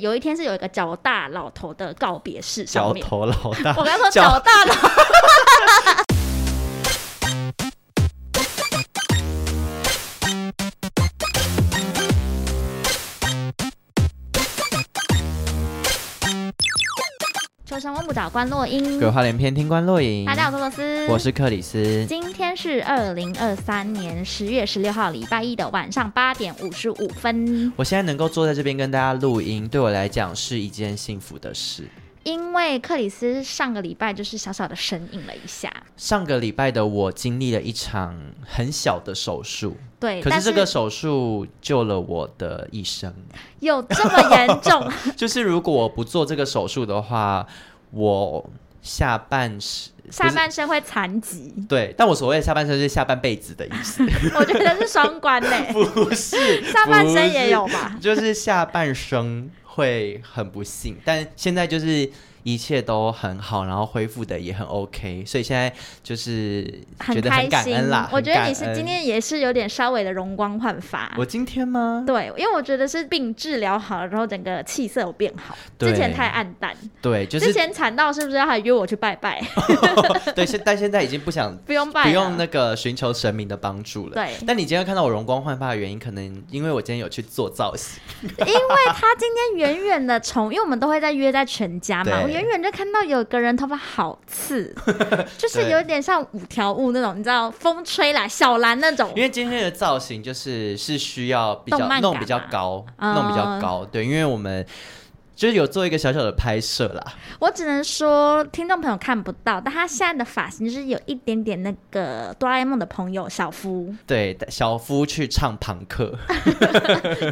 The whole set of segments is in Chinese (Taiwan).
有一天是有一個角大老頭的告別式上面，角頭老大， 我剛說角大了。 我想溫布頓觀落影，鬼話連篇聽觀落影。大家好，我是羅斯，我是克里斯。今天是二零二三年十月十六號，禮拜一的晚上八點五十五分，我現在能夠坐在這邊跟大家錄音，對我來講是一件幸福的事。因為克里斯上個禮拜就是小小的神隱了一下。上個禮拜的我經歷了一場很小的手術。對，可是這個手術救了我的一生。有這麼嚴重 就是如果我不做這個手術的話。我下半身，下半身會殘疾。對，但我所謂的下半身是下半輩子的意思。 我覺得是雙關嘞、欸， 不是 下半身也有吧？是就是下半生會很不幸，但現在就是。一切都很好，然後恢復的也很 OK，所以現在就是覺得很感恩，很開心啦。我覺得你是今天也是有點稍微的容光煥發。我今天嗎？對，因為我覺得是病治療好了，然後整個氣色有變好，對，之前太暗淡。對，就是，之前慘到是不是要還約我去拜拜？ 對，現但現在已經不想不用拜。不用那個尋求神明的幫助了。對，但你今天看到我容光煥發的原因，可能因為我今天有去做造型，因為他今天遠遠的從， 因為我們都會在約在全家嘛。.遠遠就看到有個人頭髮好刺， 就是有點像五條悟那種，你知道風吹來小蘭那種。因為今天的造型就是是需要比較弄比較高，嗯，弄比較高，對，因為我們。就是有做一個小小的拍攝啦。我只能說，聽眾朋友看不到，但他現在的髮型就是有一點點那個哆啦 A 夢的朋友小夫。對，小夫去唱堂課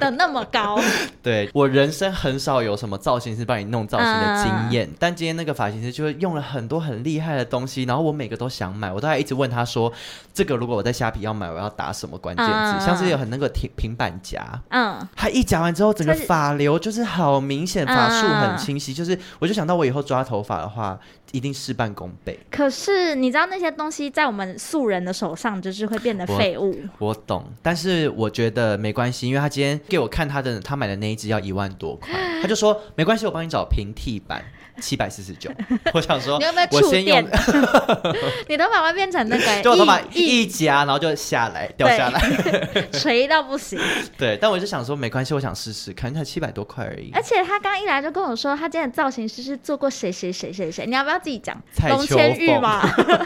的 那麼高。 對，我人生很少有什麼造型師幫你弄造型的經驗，嗯，但今天那個髮型師就是用了很多很厲害的東西，然後我每個都想買，我都還一直問他說，這個如果我在蝦皮要買，我要打什麼關鍵字？嗯嗯，像是有很那個平平板夾，嗯，他一夾完之後，整個髮流就是好明顯。嗯法術很清晰，就是我就想到我以後抓頭髮的話，一定事半功倍。可是你知道那些東西在我們素人的手上，就是會變得廢物我。我懂，但是我覺得沒關係，因為他今天給我看他的，他買的那一支要一萬多塊， 他就說沒關係，我幫你找平替版。七百四十九， 我想說，你有沒有觸電？我先用 你頭髮會變成那個？ 就頭髮一夾，然後就下來掉下來 垂到不行。對，但我就想說沒關係，我想試試看，才七百多塊而已。而且他剛一來就跟我說，他今天的造型師是做過誰誰誰誰誰，你要不要自己講？蔡秋鳳嗎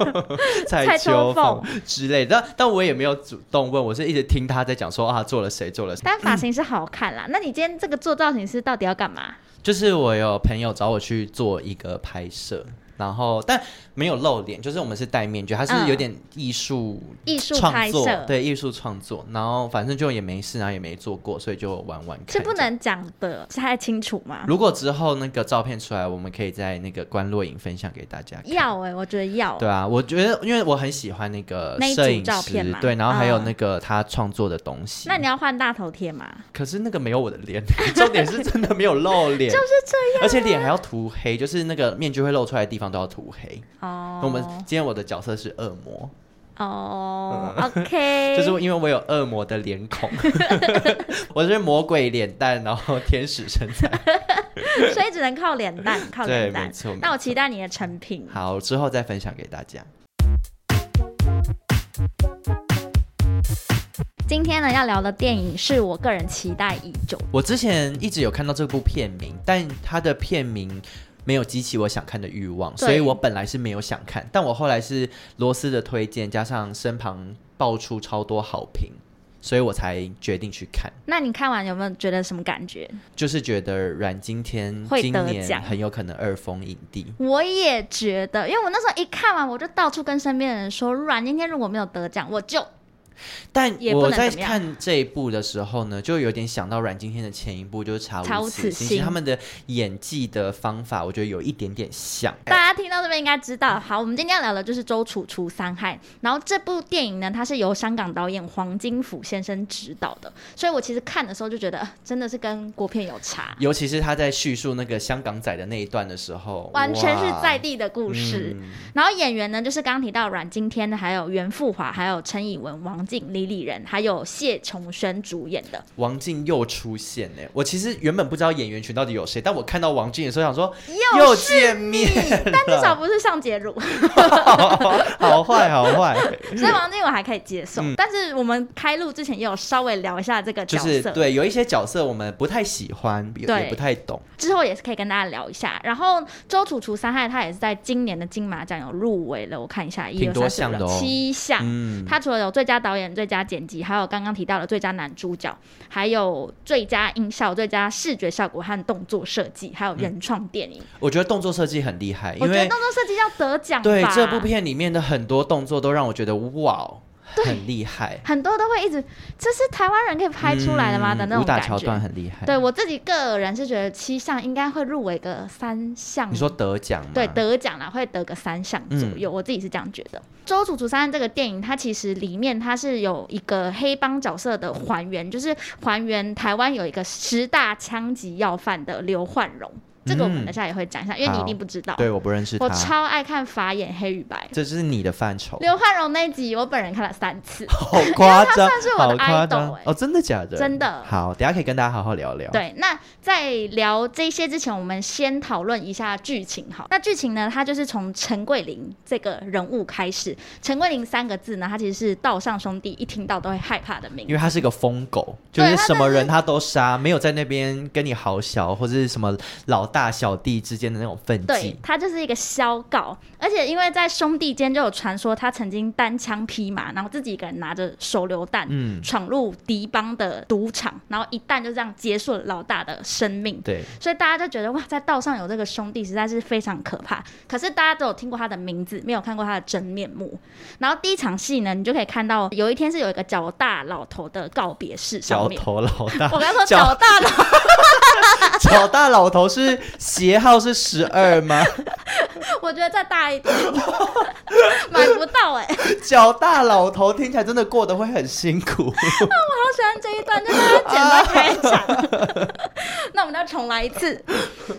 ？蔡秋風之類的。但但我也沒有主動問，我是一直聽他在講，說啊做了誰做了誰。但髮型是好看啦。 那你今天這個做造型師到底要幹嘛？就是我有朋友找我去做一個拍攝。然後，但沒有露臉，就是我們是戴面具，他是，是有點藝術、嗯、藝術創作對，藝術創作。然後反正就也沒事，然後也沒做過，所以就玩玩看。是不能講的，太清楚嘛。如果之後那個照片出來，我們可以在那個觀落影分享給大家看。要哎、欸，我覺得要。對啊，我覺得因為我很喜歡那個攝影師照片對，然後還有那個他創作的東西。那你要換大頭貼嗎？可是那個沒有我的臉， 重點是真的沒有露臉，就是這樣。而且臉還要塗黑，就是那個面具會露出來的地方。都要塗黑哦。Oh, 我們今天我的角色是惡魔哦、oh，OK， 就是因為我有惡魔的臉孔， 我是魔鬼臉蛋，然後天使身材， 所以只能靠臉蛋，靠臉蛋。沒錯，那我期待你的成品，好，之後再分享給大家。今天呢要聊的電影是我個人期待已久，我之前一直有看到這部片名，但它的片名沒有激起我想看的慾望，所以我本來是沒有想看，但我後來是羅斯的推薦，加上身旁爆出超多好評，所以我才決定去看。那你看完有沒有覺得什麼感覺？就是覺得阮經天會得獎，今年很有可能二封影帝。我也覺得，因為我那時候一看完，我就到處跟身邊的人說，阮經天如果沒有得獎，我就。但我在看這一部的時候呢，就有點想到阮經天的前一部就是查《查無此心》，其實他們的演技的方法，我覺得有一點點像。欸、大家聽到這邊應該知道，好，我們今天要聊的就是《周處除三害》，然後這部電影呢，它是由香港導演黃精甫先生指導的，所以我其實看的時候就覺得真的是跟國片有差，尤其是他在敘述那個香港仔的那一段的時候，完全是在地的故事。嗯、然後演員呢，就是剛提到阮經天，還有袁富華，還有陳以文、王。井李李仁還有謝瓊軒主演的。王靜又出現呢、欸，我其實原本不知道演員群到底有誰，但我看到王靜的時候想說又見面又，但至少不是上節目 好壞好壞， 所以王靜我還可以接受。嗯、但是我們開錄之前也有稍微聊一下這個角色，就是、對，有一些角色我們不太喜歡對，也不太懂，之後也是可以跟大家聊一下。然後《周處除三害》他也是在今年的金馬獎有入圍了，我看一下一、二、三、四、七項、嗯，他除了有最佳導最佳剪輯，還有剛剛提到的最佳男主角，還有最佳音效、最佳視覺效果和動作設計，還有原創電影。嗯，我覺得動作設計很厲害，因為，我覺得動作設計要得獎。對，這部片裡面的很多動作都讓我覺得哇哦。對很厲害，很多都會一直，這是台灣人可以拍出來的嗎、嗯、的那種感覺？武打橋段很厲害。對我自己個人是覺得七項應該會入圍個三項。你說得獎？對，得獎啦，會得個三項左右、嗯。我自己是這樣覺得。周處除三這個電影，它其實裡面它是有一個黑幫角色的還原，嗯、就是還原台灣有一個十大槍擊要犯的劉煥榮。這個我們等下也會講一下、嗯，因為你一定不知道。對，我不認識他。我超愛看法眼黑與白，這是你的範疇。劉煥榮那集我本人看了三次，好誇張，好誇張、欸、哦！真的假的？真的。好，等下可以跟大家好好聊聊。對，那在聊這些之前，我們先討論一下劇情。好，那劇情呢？它就是從陳桂林這個人物開始。陳桂林三個字呢，他其實是道上兄弟一聽到都會害怕的名字，因為他是一個瘋狗，就是什麼人他都殺，沒有在那邊跟你好小或者是什麼老。大小弟之間的那種分際。對，他就是一個梟告，而且因為在兄弟間就有傳說，他曾經單槍匹馬，然後自己一個人拿着手榴彈，嗯，闖入敵幫的賭場，然後一旦就這樣結束了老大的生命。對，所以大家就覺得哇，在道上有這個兄弟實在是非常可怕。可是大家都有聽過他的名字，沒有看過他的真面目。然後第一場戲呢，你就可以看到有一天是有一個腳大老頭的告別式，腳頭老大， 我剛說腳大老，腳 大老頭是。 鞋號是十二嗎？ 我覺得再大一點， 買不到哎、欸。腳 大老頭聽起來真的過得會很辛苦。啊， 我好喜歡這一段，就是簡單開場。 那我們再重來一次。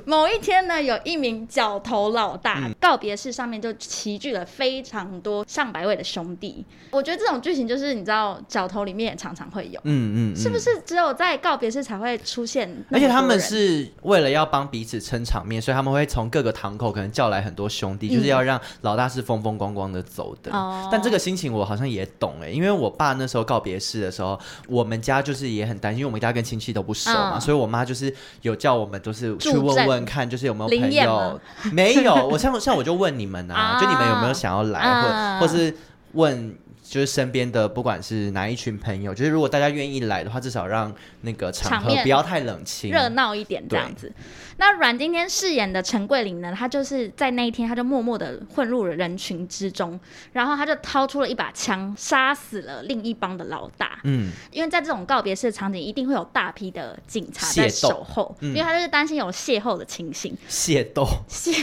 某一天呢，有一名角頭老大、嗯、告別式上面就齊聚了非常多上百位的兄弟。我覺得這種劇情就是你知道角頭裡面也常常會有，嗯嗯,嗯，是不是只有在告別式才會出現？而且他們是為了要幫彼此。撐場面，所以他們會從各個堂口可能叫來很多兄弟、嗯，就是要讓老大是風風光光的走的。嗯、但這個心情我好像也懂哎、欸，因為我爸那時候告別式的時候，我們家就是也很擔心，因為我們家跟親戚都不熟嘛，嗯、所以我媽就是有叫我們都是去問問看，就是有沒有朋友沒有。我像像我就問你們啊、嗯，就你們有沒有想要來、嗯、或或是問。就是身邊的不管是哪一群朋友，就是如果大家願意來的話，至少讓那個場合不要太冷清，熱鬧一點這樣子。那阮經天飾演的陳桂林呢，他就是在那一天，他就默默的混入了人群之中，然後他就掏出了一把槍，殺死了另一幫的老大。嗯，因為在這種告別式的場景，一定會有大批的警察在守候，嗯、因為他就是擔心有邂逅的情形。邂逅，邂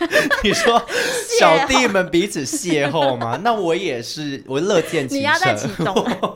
你說小弟們彼此邂逅嗎？ 那我也是我。樂見其成。你要再其中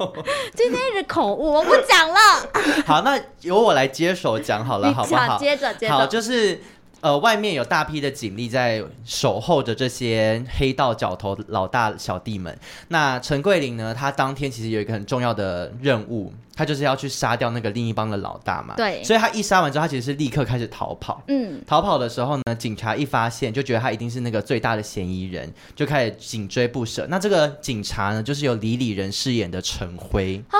今天一直口誤， 我不講講了。 好，那由我來接手講好了， 好不好？接着，接着，好，就是呃，外面有大批的警力在守候着這些黑道角頭老大小弟們。那陳桂林呢？他當天其實有一個很重要的任務。他就是要去殺掉那個另一幫的老大嘛，對，所以他一殺完之後，他其實是立刻開始逃跑。嗯，逃跑的時候呢，警察，一發現，就覺得他一定是那個最大的嫌疑人，就開始緊追不舍。那這個警察呢，就是由李李仁飾演的陳輝啊，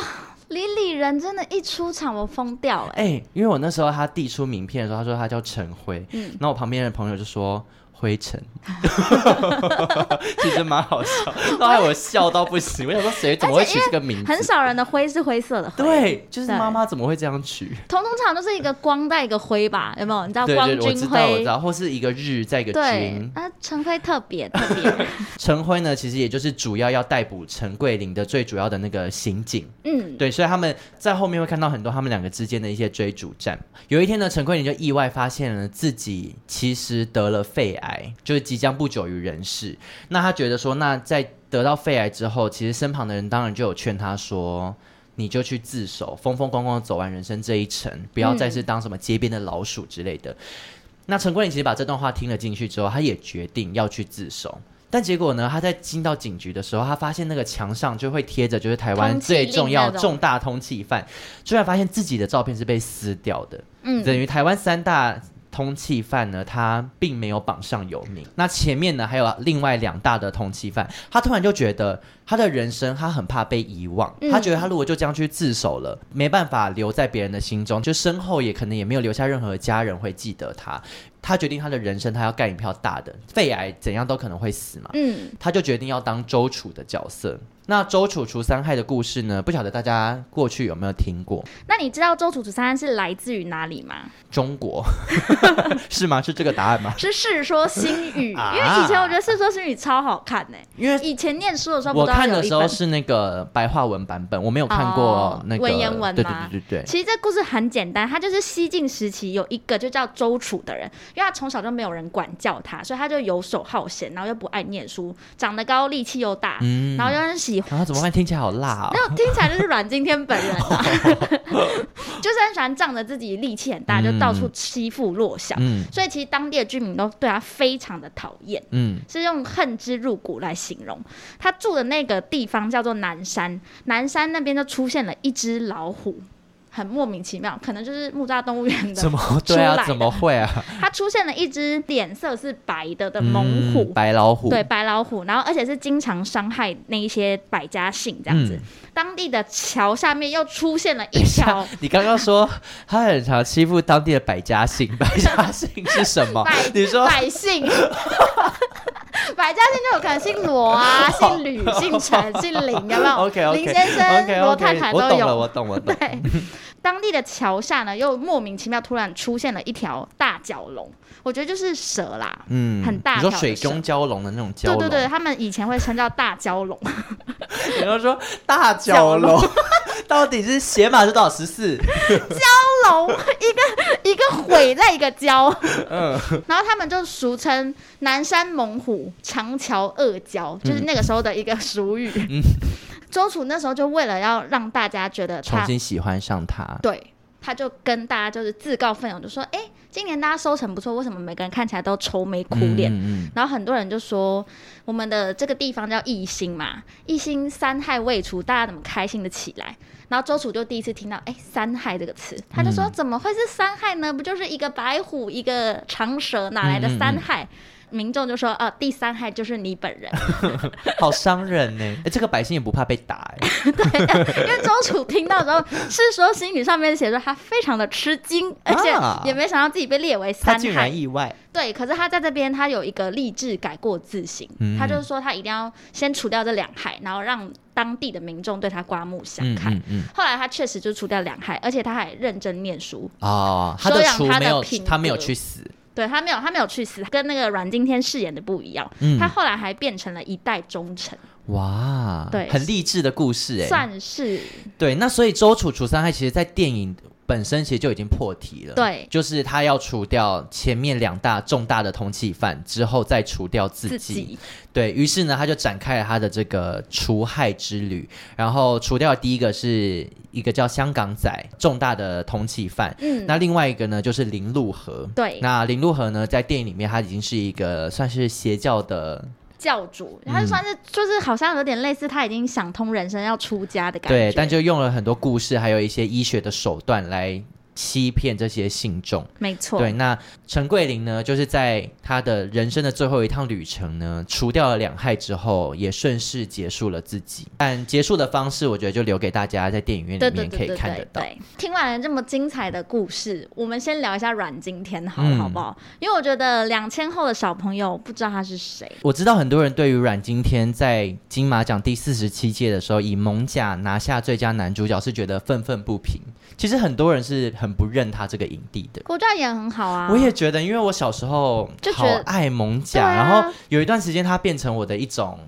李李仁真的，一出場我瘋掉了！欸。哎、欸，因為我那時候他遞出名片的時候，他說他叫陳輝，嗯，那我旁邊的朋友就說，灰塵， 其實蠻好笑，都害我笑到不行。哎、我想說，誰怎麼會取這個名字？很少人的灰是灰色的灰。對，就是媽媽怎麼會這樣取？通，通常都是一個光帶一個灰吧？有沒有？你知道光君灰，對對對，我知道，我知道，或是一個日在一個金。啊，陳、呃、灰特別特別。陳 灰呢，其實也就是主要要逮捕陳桂林的最主要的那個刑警。嗯，對，所以他們在後面會看到很多他們兩個之間的一些追逐戰。有一天呢，陳桂林就意外發現了自己其實得了肺癌。就是即將不久於人世，那他覺得說，那在得到肺癌之後，其實身旁的人當然就有勸他說，你就去自首，風風光光走完人生這一程，不要再是當什麼街邊的老鼠之類的。嗯、那陳桂林其實把這段話聽了進去之後，他也決定要去自首，但結果呢，他在進到警局的時候，他發現那個牆上就會貼着就是台灣最重要重大通緝犯，居然發現自己的照片是被撕掉的，嗯、等於台灣三大。通緝犯呢，他並沒有榜上有名。那前面呢，還有另外兩大的通緝犯，他突然就覺得他的人生，他很怕被遺忘。他、嗯、覺得他如果就這樣去自首了，沒辦法留在別人的心中，就身後也可能也沒有留下任何家人會記得他。他決定他的人生，他要幹一票大的。肺癌怎樣都可能會死嘛，嗯，他就決定要當周處的角色。那周處除三害的故事呢？不曉得大家過去有沒有聽過？那你知道周處除三害是來自於哪裡嗎？中國是嗎？ 是這個答案嗎？ 是《世說新語》，因為以前我覺得《世說新語》超好看呢、欸啊。因為以前念書的時候，我看的時候是那個白話文版本，我沒有看過那個、哦、文言文嗎。對對對對對。其實這故事很簡單，它就是西晉時期有一個就叫周處的人，因為他從小就沒有人管教他，所以他就遊手好閒，然後又不愛念書，長得高，力氣又大，嗯、然後又是。他、啊、怎麼會聽起來好辣啊、哦？沒有，聽起來就是阮經 天本人啊， 就是很喜歡仗着自己力氣很大，嗯、就到處欺負弱小、嗯，所以其實當地的居民都對他非常的討厭，嗯，是用恨之入骨來形容。他住的那個地方叫做南山，南山那邊就出現了一隻老虎。很莫名其妙，可能就是木柵動物園的怎麼對啊？怎麼會啊？它出現了一只臉色是白的的猛虎、嗯，白老虎，對，白老虎，然後而且是經常傷害那一些百家姓這樣子。嗯、當地的橋下面又出現了一條。你剛剛說 他很常欺負當地的百家姓， 百家姓是什麼？百你說百姓， 百家姓就有可能姓羅啊，姓呂，姓陳，姓林，有沒有？Okay, okay, 林先生、羅、okay, okay, 太太都有我懂了，我懂，我懂。對。 當地的橋下呢，又莫名其妙突然出現了一條大蛟龍，我覺得就是蛇啦，嗯，很大的、嗯，你說水中蛟龍的那種蛟。對對對，他們以前會稱叫大蛟龍。然 後 說大蛟龍 到底是鞋碼是多少十四 蛟龍一個一個毀了一個蛟，嗯。 然後他們就俗稱南山猛虎，長橋惡蛟，就是那個時候的一個俗語。嗯。嗯周處那時候就為了要讓大家覺得他重新喜歡上他，對，他就跟大家就是自告奮勇，就說：“哎、欸，今年大家收成不錯，為什麼每個人看起來都愁眉苦臉、嗯嗯？”然後很多人就說：“我們的這個地方叫義興嘛，義興三害未除，大家怎麼開心得起來？”然後周處就第一次聽到“哎、欸，三害”這個詞，他就說、嗯：“怎麼會是三害呢？不就是一個白虎，一個長蛇，哪來的三害？”嗯嗯嗯民眾就說：“哦、啊，第三害就是你本人， 好傷人呢！哎、 欸，這個百姓也不怕被打哎， 對、啊，因為周處聽到之後， 《世說新語》上面寫說他非常的吃驚、啊，而且也沒想到自己被列為三害，他居然意外。對，可是他在這邊，他有一個立志改過自新、嗯，他就是說他一定要先除掉這兩害，然後讓當地的民眾對他刮目相看、嗯嗯嗯。後來他確實就除掉兩害，而且他還認真念書啊、哦，他的品。他沒有去死。”對他沒有，他沒有去死，跟那個阮經天飾演的不一樣、嗯。他後來還變成了一代忠臣。哇，對，很勵志的故事誒、欸、算是。對，那所以周處除三害其實，在電影。本身其實就已經破題了，對，就是他要除掉前面兩大重大的通緝犯之後，再除掉自己，自己，對，於是呢，他就展開了他的這個除害之旅，然後除掉的第一個是一個叫香港仔重大的通緝犯，嗯，那另外一個呢就是林祿和，對，那林祿和呢在電影裡面他已經是一個算是邪教的。教主，他就算是、嗯、就是好像有點類似，他已經想通人生要出家的感覺，對，但就用了很多故事，還有一些醫學的手段來。欺騙這些信眾，沒錯。對，那陳桂林呢，就是在他的人生的最後一趟旅程呢，除掉了兩害之後，也順勢結束了自己。但結束的方式，我覺得就留給大家在電影院裡面，對、對、對、對、對、對可以看得到，對、對、對、對。聽完了這麼精彩的故事，我們先聊一下阮經天好，好、嗯、好不好？因為我覺得兩千後的小朋友不知道他是誰。我知道很多人對於阮經天在金馬獎第四十七屆的時候以艋舺拿下最佳男主角是覺得憤憤不平。其實很多人是很不認他這個影帝的，古裝演很好啊，我也覺得，因為我小時候好愛《艋舺》，然後有一段時間他變成我的一種，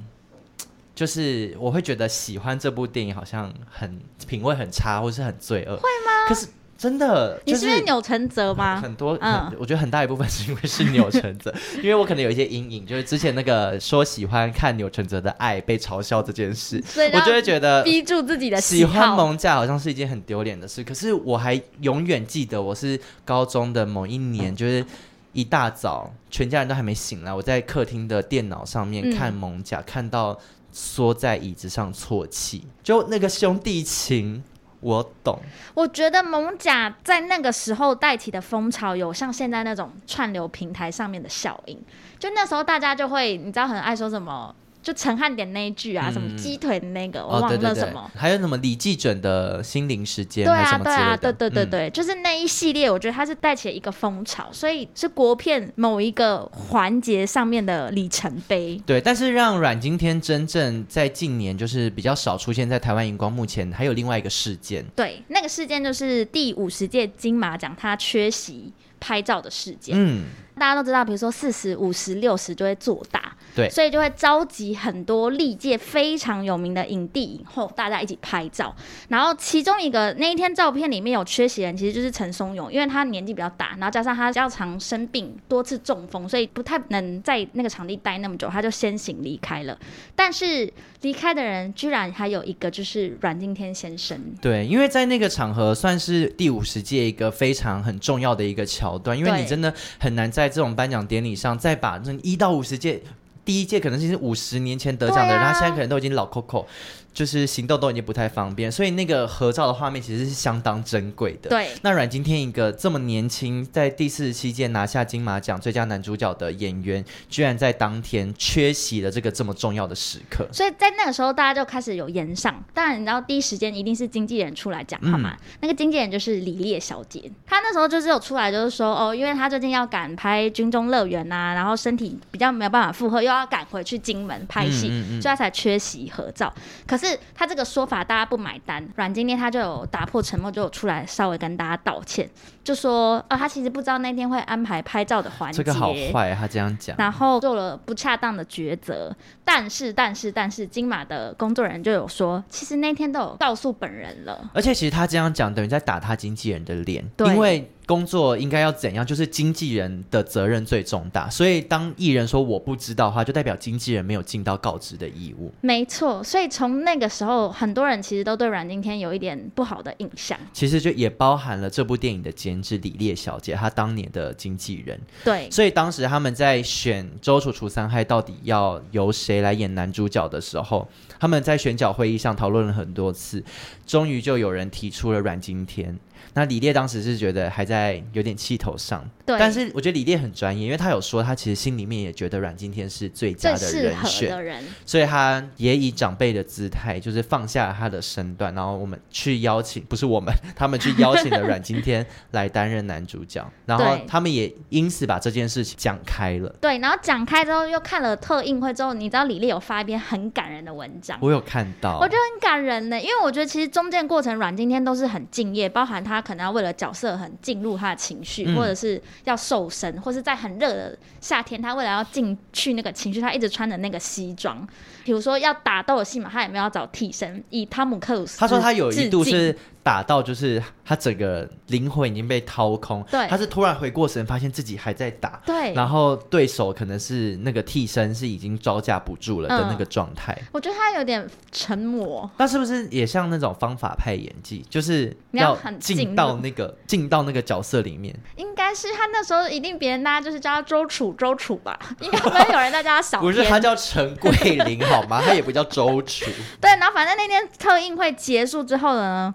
就是我會覺得喜歡這部電影好像很品味很差，或是很罪惡，會嗎？可是。真的，就是、你是不是鈕承澤嗎？很多很，嗯，我覺得很大一部分是因為是鈕承澤， 因為我可能有一些陰影，就是之前那個說喜歡看鈕承澤的愛被嘲笑這件事，所以我就會覺得憋住自己的喜,喜歡艋舺好像是一件很丟臉的事。可是我還永遠記得，我是高中的某一年，嗯、就是一大早全家人都還沒醒來，我在客廳的電腦上面看艋舺、嗯，看到縮在椅子上啜泣，就那個兄弟情。我懂，我覺得艋舺在那個時候帶起的風潮有像現在那種串流平台上面的效應，就那時候大家就會，你知道很愛說什麼。就陳漢典那一句啊，嗯、什麼雞腿的那個，我忘了，哦、對對對，什麼，還有什麼李濟準的心靈時間，對啊，對啊，對啊，嗯，對對對對，就是那一系列，我覺得它是帶起了一個風潮，嗯，所以是國片某一個環節上面的里程碑。對，但是讓阮經天真正在近年就是比較少出現在台灣螢光幕前，還有另外一個事件，對，那個事件就是第五十屆金馬獎他缺席拍照的事件。嗯。大家都知道，比如說四十五十六十就會做大，對，所以就會召集很多歷屆非常有名的影帝影後，大家一起拍照。然後其中一個那一天照片裡面有缺席人，其實就是陳松勇，因為他年紀比較大，然後加上他較常生病，多次中風，所以不太能在那個場地待那麼久，他就先行離開了。但是離開的人居然還有一個就是阮經天先生，對，因為在那個場合算是第五十屆一個非常很重要的一個橋段，因為你真的很難在。在這種頒獎典禮上，再把那一到五十屆，第一屆可能是五十年前得獎的人，對啊，他現在可能都已經老扣扣就是行動都已經不太方便，所以那個合照的畫面其實是相當珍貴的。對。那阮經天一個這麼年輕，在第四十七屆拿下金馬獎最佳男主角的演員，居然在當天缺席了這個這麼重要的時刻。所以在那個時候，大家就開始有言上，但你知道第一時間一定是經紀人出來講、嗯、好嗎？那個經紀人就是李烈小姐，她那時候就是有出來，就是說哦，因為她最近要趕拍《軍中樂園》吶，然後身體比較沒有辦法負荷，又要趕回去金門拍戲、嗯嗯嗯，所以她才缺席合照。可是。是他這個說法，大家不買單。阮經天他就有打破沉默，就有出來稍微跟大家道歉，就說：啊，他其實不知道那天會安排拍照的環節，這個好壞、啊，他這樣講，然後做了不恰當的抉擇。但是，但是，但是，金馬的工作人員就有說，其實那天都有告訴本人了。而且，其實他這樣講等於在打他經紀人的臉，對。因為工作應該要怎樣？就是經紀人的責任最重大，所以當藝人說我不知道的話，就代表經紀人沒有盡到告知的義務。沒錯，所以從那個時候，很多人其實都對阮經天有一點不好的印象。其實就也包含了這部電影的監製李烈小姐，她當年的經紀人。對，所以當時他們在選《周處除三害》到底要由誰來演男主角的時候，他們在選角會議上討論了很多次，終於就有人提出了阮經天。那李烈當時是覺得還在有點氣頭上，對。但是我覺得李烈很專業，因為他有說他其實心裡面也覺得阮經天是最佳的人選的人，所以他也以長輩的姿態，就是放下了他的身段，然後我們去邀請，不是我們，他們去邀請了阮經天來擔任男主角， 然後他們也因此把這件事情講開了。對，然後講開之後，又看了特映會之後，你知道李烈有發一篇很感人的文章，我有看到，我覺得很感人呢，因為我覺得其實中間過程阮經天都是很敬業，包含。他可能要為了角色很進入他的情緒、嗯，或者是要瘦身，或是在很熱的夏天，他為了要進去那個情緒，他一直穿的那個西裝。比如說要打鬥的戲嘛，他也沒有要找替身。以湯姆·克魯斯，他說他有一度是。打到就是他整個靈魂已經被掏空，對，他是突然回過神，發現自己還在打，對，然後對手可能是那個替身是已經招架不住了的那個狀態、嗯。我覺得他有點成魔，那是不是也像那種方法派演技，就是要進到那個進到那個角色裡面？ 應該是他那時候一定別人大家就是叫他周楚，周楚吧，應該不會有人在叫他小，不 是他叫陳桂林 好嗎？他也不叫周楚。 對，然後反正那天特映會結束之後呢。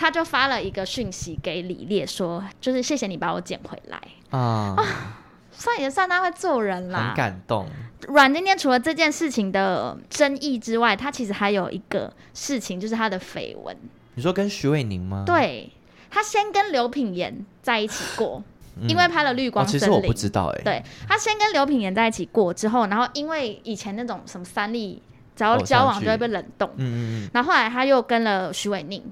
他就發了一個訊息給李烈說，說就是謝謝你把我撿回來啊，uh, 哦，算也算他會做人啦。很感動。阮經天除了這件事情的爭議之外，他其實還有一個事情，就是他的緋聞。你說跟徐偉寧嗎？對，他先跟劉品言在一起過，嗯，因為拍了《綠光森林，哦，其實我不知道哎，欸。對，他先跟劉品言在一起過之後，然後因為以前那種什麼三立，只要交往就會被冷凍。嗯，哦，嗯嗯。然後後來他又跟了徐偉寧。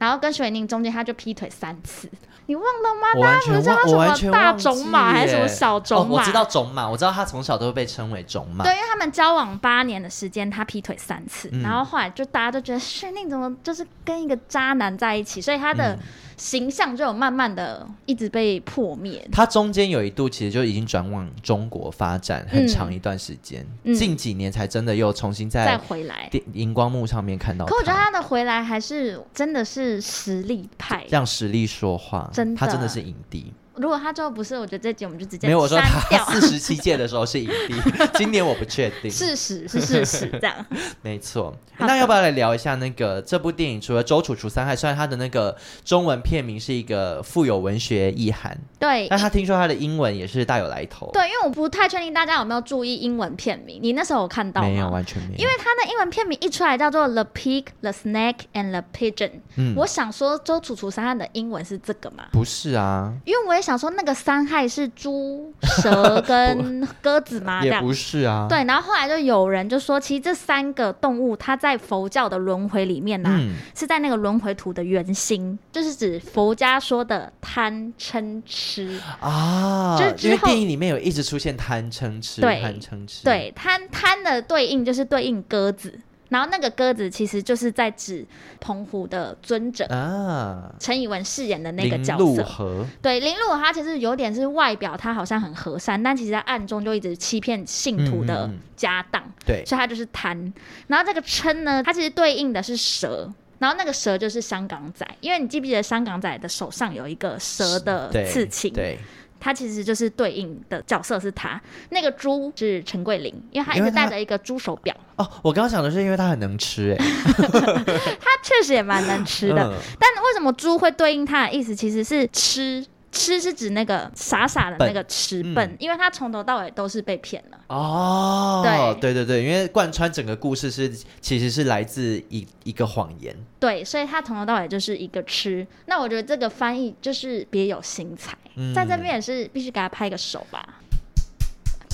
然後跟許瑋甯中間，他就劈腿三次，你忘了嗎？完全忘，大家覺得他是什麼大種馬，我完全忘記。還是什麼小種馬？哦？我知道種馬，我知道他從小都會被稱為種馬。對，因為他們交往八年的時間，他劈腿三次，嗯、然後後來就大家都覺得許瑋甯怎麼就是跟一個渣男在一起，所以他的，嗯。形象就有慢慢的一直被破滅。他中間有一度其實就已經轉往中國發展很長一段時間，嗯，近幾年才真的又重新再、嗯、再回來熒光幕上面看到。可我覺得他的回來還是真的是實力派，讓實力說話，真的他真的是影帝。如果他最後不是，我覺得這集我們就直接掉、啊、沒有。我說他四十七屆的時候是影帝， 今年我不確定。事實是事實，這樣 沒錯、欸。那要不要來聊一下那個這部電影？除了周處除三害，雖然他的那個中文片名是一個富有文學意涵，對，但他聽說他的英文也是大有來頭。對，因為我不太確定大家有沒有注意英文片名。你那時候有看到沒有，完全沒有。因為他的英文片名一出來叫做 The Pig, The Snake, and the Pigeon。嗯，我想說周處除三害的英文是這個嗎？不是啊，因為我也想。想說那個三害是豬、蛇跟鴿子嗎子？ 也不是啊。對，然後後來就有人就說，其實這三個動物，它在佛教的輪回裡面呢、啊嗯，是在那個輪回圖的圓心，就是指佛家說的貪、嗔、痴啊。就之後因為電影裡面有一直出現貪、嗔、痴，對，貪、嗔、痴，對貪，貪的對應就是對應鴿子。然後那個鴿子其實就是在指澎湖的尊者啊，陳以文飾演的那個角色。林祿和，對林祿和，他其實有點是外表，他好像很和善，但其實在暗中就一直欺騙信徒的家當。對、嗯嗯，所以他就是貪。然後這個嗔呢，它其實對應的是蛇。然後那個蛇就是香港仔，因為你記不記得香港仔的手上有一個蛇的刺青？對。對他其實就是對應的角色是他，那個豬是陳桂林，因為他一直戴着一個豬手錶。哦，我剛剛想的是，因為他很能吃、欸，哎 他確實也蠻能吃的、嗯。但為什麼豬會對應他的意思？其實是吃，吃是指那個傻傻的那個吃笨、嗯，因為他從頭到尾都是被騙了。哦，對對對對，因為貫穿整個故事是其實是來自一一個謊言。對，所以他從頭到尾就是一個吃。那我覺得這個翻譯就是別有心裁。嗯，在這邊也是必須給他拍個手吧。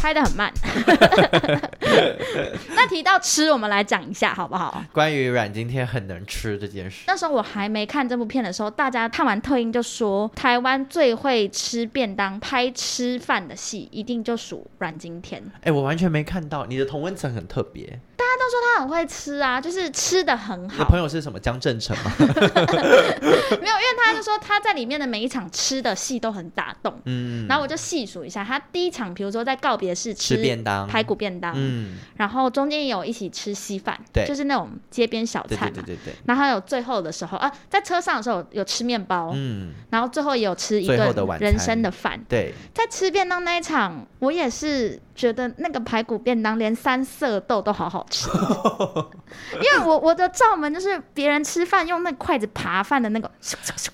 拍得很慢 那提到吃，我們來講一下好不好？關於阮經天很能吃這件事，那時候我還沒看這部片的時候，大家看完特映就說，台灣最會吃便當、拍吃飯的戲，一定就屬阮經天。哎、欸，我完全沒看到你的同溫層很特別。大家都說他很會吃啊，就是吃得很好。我朋友是什麼江振誠嗎？ 沒有，因為他就說他在裡面的每一場吃的戲都很打動。嗯， 然後我就細數一下，他第一場，比如說在告別的。是吃便當，排骨便當，嗯，然後中間也有一起吃稀飯，對，就是那種街邊小菜嘛，對對，對，對，然後有最後的時候啊，在車上的時候有吃麵包，嗯，然後最後也有吃一頓人生的飯，對，在吃便當那一場，我也是覺得那個排骨便當連三色豆都好好吃， 因為我我的罩門就是別人吃飯用那筷子扒飯的那個咻咻咻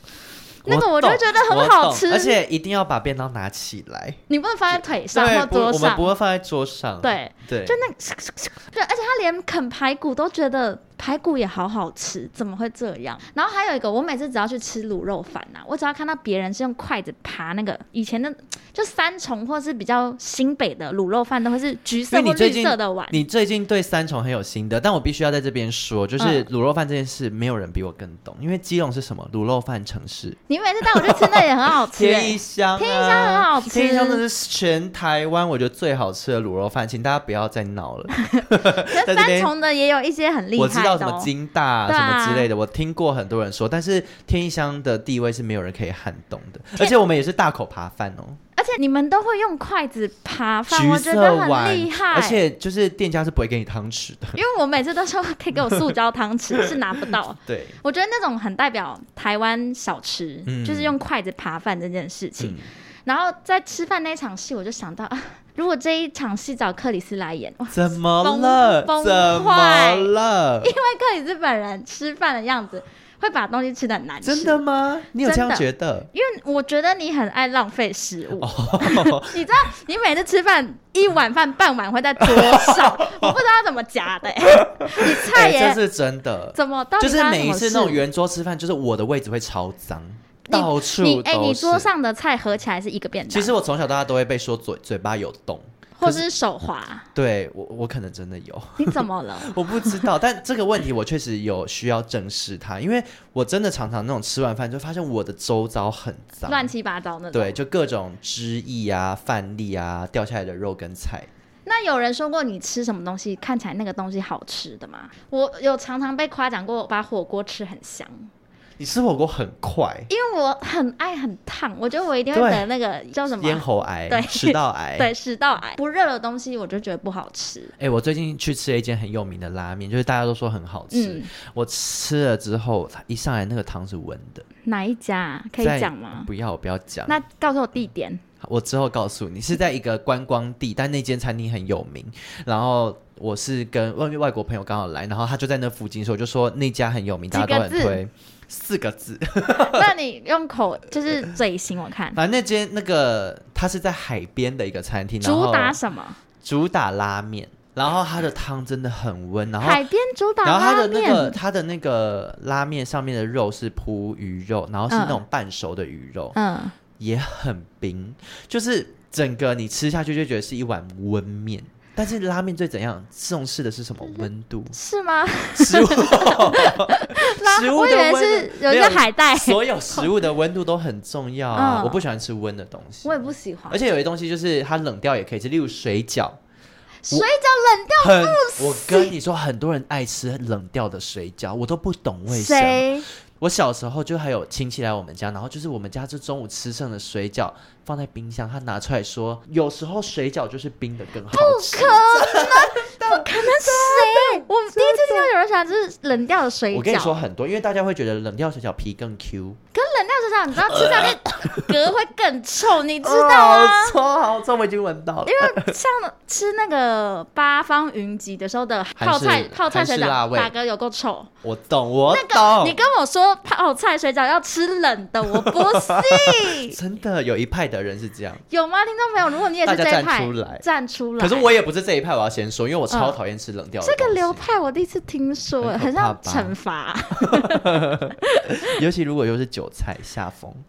那個我就覺得很好吃，而且一定要把便當拿起來，你不能放在腿上或桌上。我們不會放在桌上，對對，就那個，對， 而且他連啃排骨都覺得。排骨也好好吃，怎麼會這樣？然後還有一個，我每次只要去吃滷肉飯吶、啊，我只要看到別人是用筷子扒那個以前的，就三重或是比較新北的滷肉飯，都會是橘色或綠色的碗你。你最近對三重很有心得，但我必須要在這邊說，就是滷肉飯這件事，沒有人比我更懂，嗯、因為基隆是什麼？滷肉飯城市。你每次帶我去吃， 那也很好吃、欸。天一香、啊，天一香很好吃，天一香那是全台灣我覺得最好吃的滷肉飯，請大家不要再鬧了。 三重的也有一些很厲害。 什麼金大什麼之類的、啊，我聽過很多人說，但是天一香的地位是沒有人可以撼動的，而且我們也是大口扒飯哦，而且你們都會用筷子扒飯，我覺得很厲害，而且就是店家是不會給你湯匙的，因為我每次都說可以給我塑膠湯匙， 是拿不到。對，我覺得那種很代表台灣小吃，就是用筷子扒飯這件事情。嗯、然後在吃飯那場戲，我就想到。如果這一場戲找克里斯來演，哇怎麼了？崩壞了，因為克里斯本人吃飯的樣子會把東西吃得很難吃。真的嗎？你有這樣覺得？因為我覺得你很愛浪費食物。Oh. 你知道你每次吃飯一碗飯半碗會在桌上？ 我不知道怎麼夾的、欸。 你菜也、欸、這是真的。怎麼到底就？就是每一次那種圓桌吃飯，就是我的位置會超髒。你到處哎、欸，你桌上的菜合起來是一個便當。其實我從小到大都會被說嘴嘴巴，有洞，或是手滑。對我，我可能真的有。你怎麼了？ 我不知道，但這個問題我確實有需要正視它， 因為我真的常常那種吃完飯就發現我的周遭很髒，亂七八糟那種。對，就各種汁液啊、飯粒啊、掉下來的肉跟菜。那有人說過你吃什麼東西看起來那個東西好吃的嗎？我有常常被誇獎過，把火鍋吃很香。你吃火鍋很快，因為我很愛很燙，我覺得我一定會得那個叫什麼？咽喉癌？對，食道癌？ 對，食道癌。不熱的東西我就覺得不好吃。哎、欸，我最近去吃了一間很有名的拉麵，就是大家都說很好吃，嗯。我吃了之後，一上來那個湯是溫的。哪一家，啊、可以講嗎？不要，我不要講。那告訴我地點。我之後告訴你，是在一個觀光地， 但那間餐廳很有名。然後我是跟外面外國朋友剛好來，然後他就在那附近的時候，所以我就說那家很有名，大家都很推。四個字， 那你用口就是嘴型，我看。反、啊、正那間那個它是在海邊的一個餐廳，主打什麼？主打拉麵，然後它的湯真的很溫，然後海邊主打拉麵，然後它的那個它的那個拉麵上面的肉是鋪魚肉，然後是那種半熟的魚肉，嗯，也很冰，就是整個你吃下去就覺得是一碗溫麵。但是拉麵最怎樣重視的是什麼溫度？是，是嗎？食物，食物的溫，我以為是有一個海帶，所有食物的溫度都很重要，啊嗯。我不喜歡吃溫的東西，我也不喜歡。而且有些東西就是它冷掉也可以吃，例如水餃。水餃冷掉不死很？我跟你說，很多人愛吃冷掉的水餃，我都不懂為什麼。我小時候就還有親戚來我們家，然後就是我們家就中午吃剩的水餃放在冰箱，他拿出來說，有時候水餃就是冰的更好吃， 真的，不可能！ 不可 誰？ 我第一次聽到有人想就是冷掉的水餃。我跟你說很多，因為大家會覺得冷掉水餃皮更 Q。你知道吃下去嗝會更臭，你知道嗎、？ 哦？好臭，好臭，我已經聞到了。因為像吃那個八方雲集的時候的泡菜泡菜水餃，打嗝有夠臭。我懂，我懂。那個、你跟我說泡菜水餃要吃冷的，我不信。 真的有一派的人是這樣，有嗎？聽眾朋友，如果你也是這一派，站出來，站出來。可是我也不是這一派，我要先說，因為我超討厭吃冷掉、啊、這個流派我第一次聽說很，很像懲罰。 尤其如果又是韭菜下。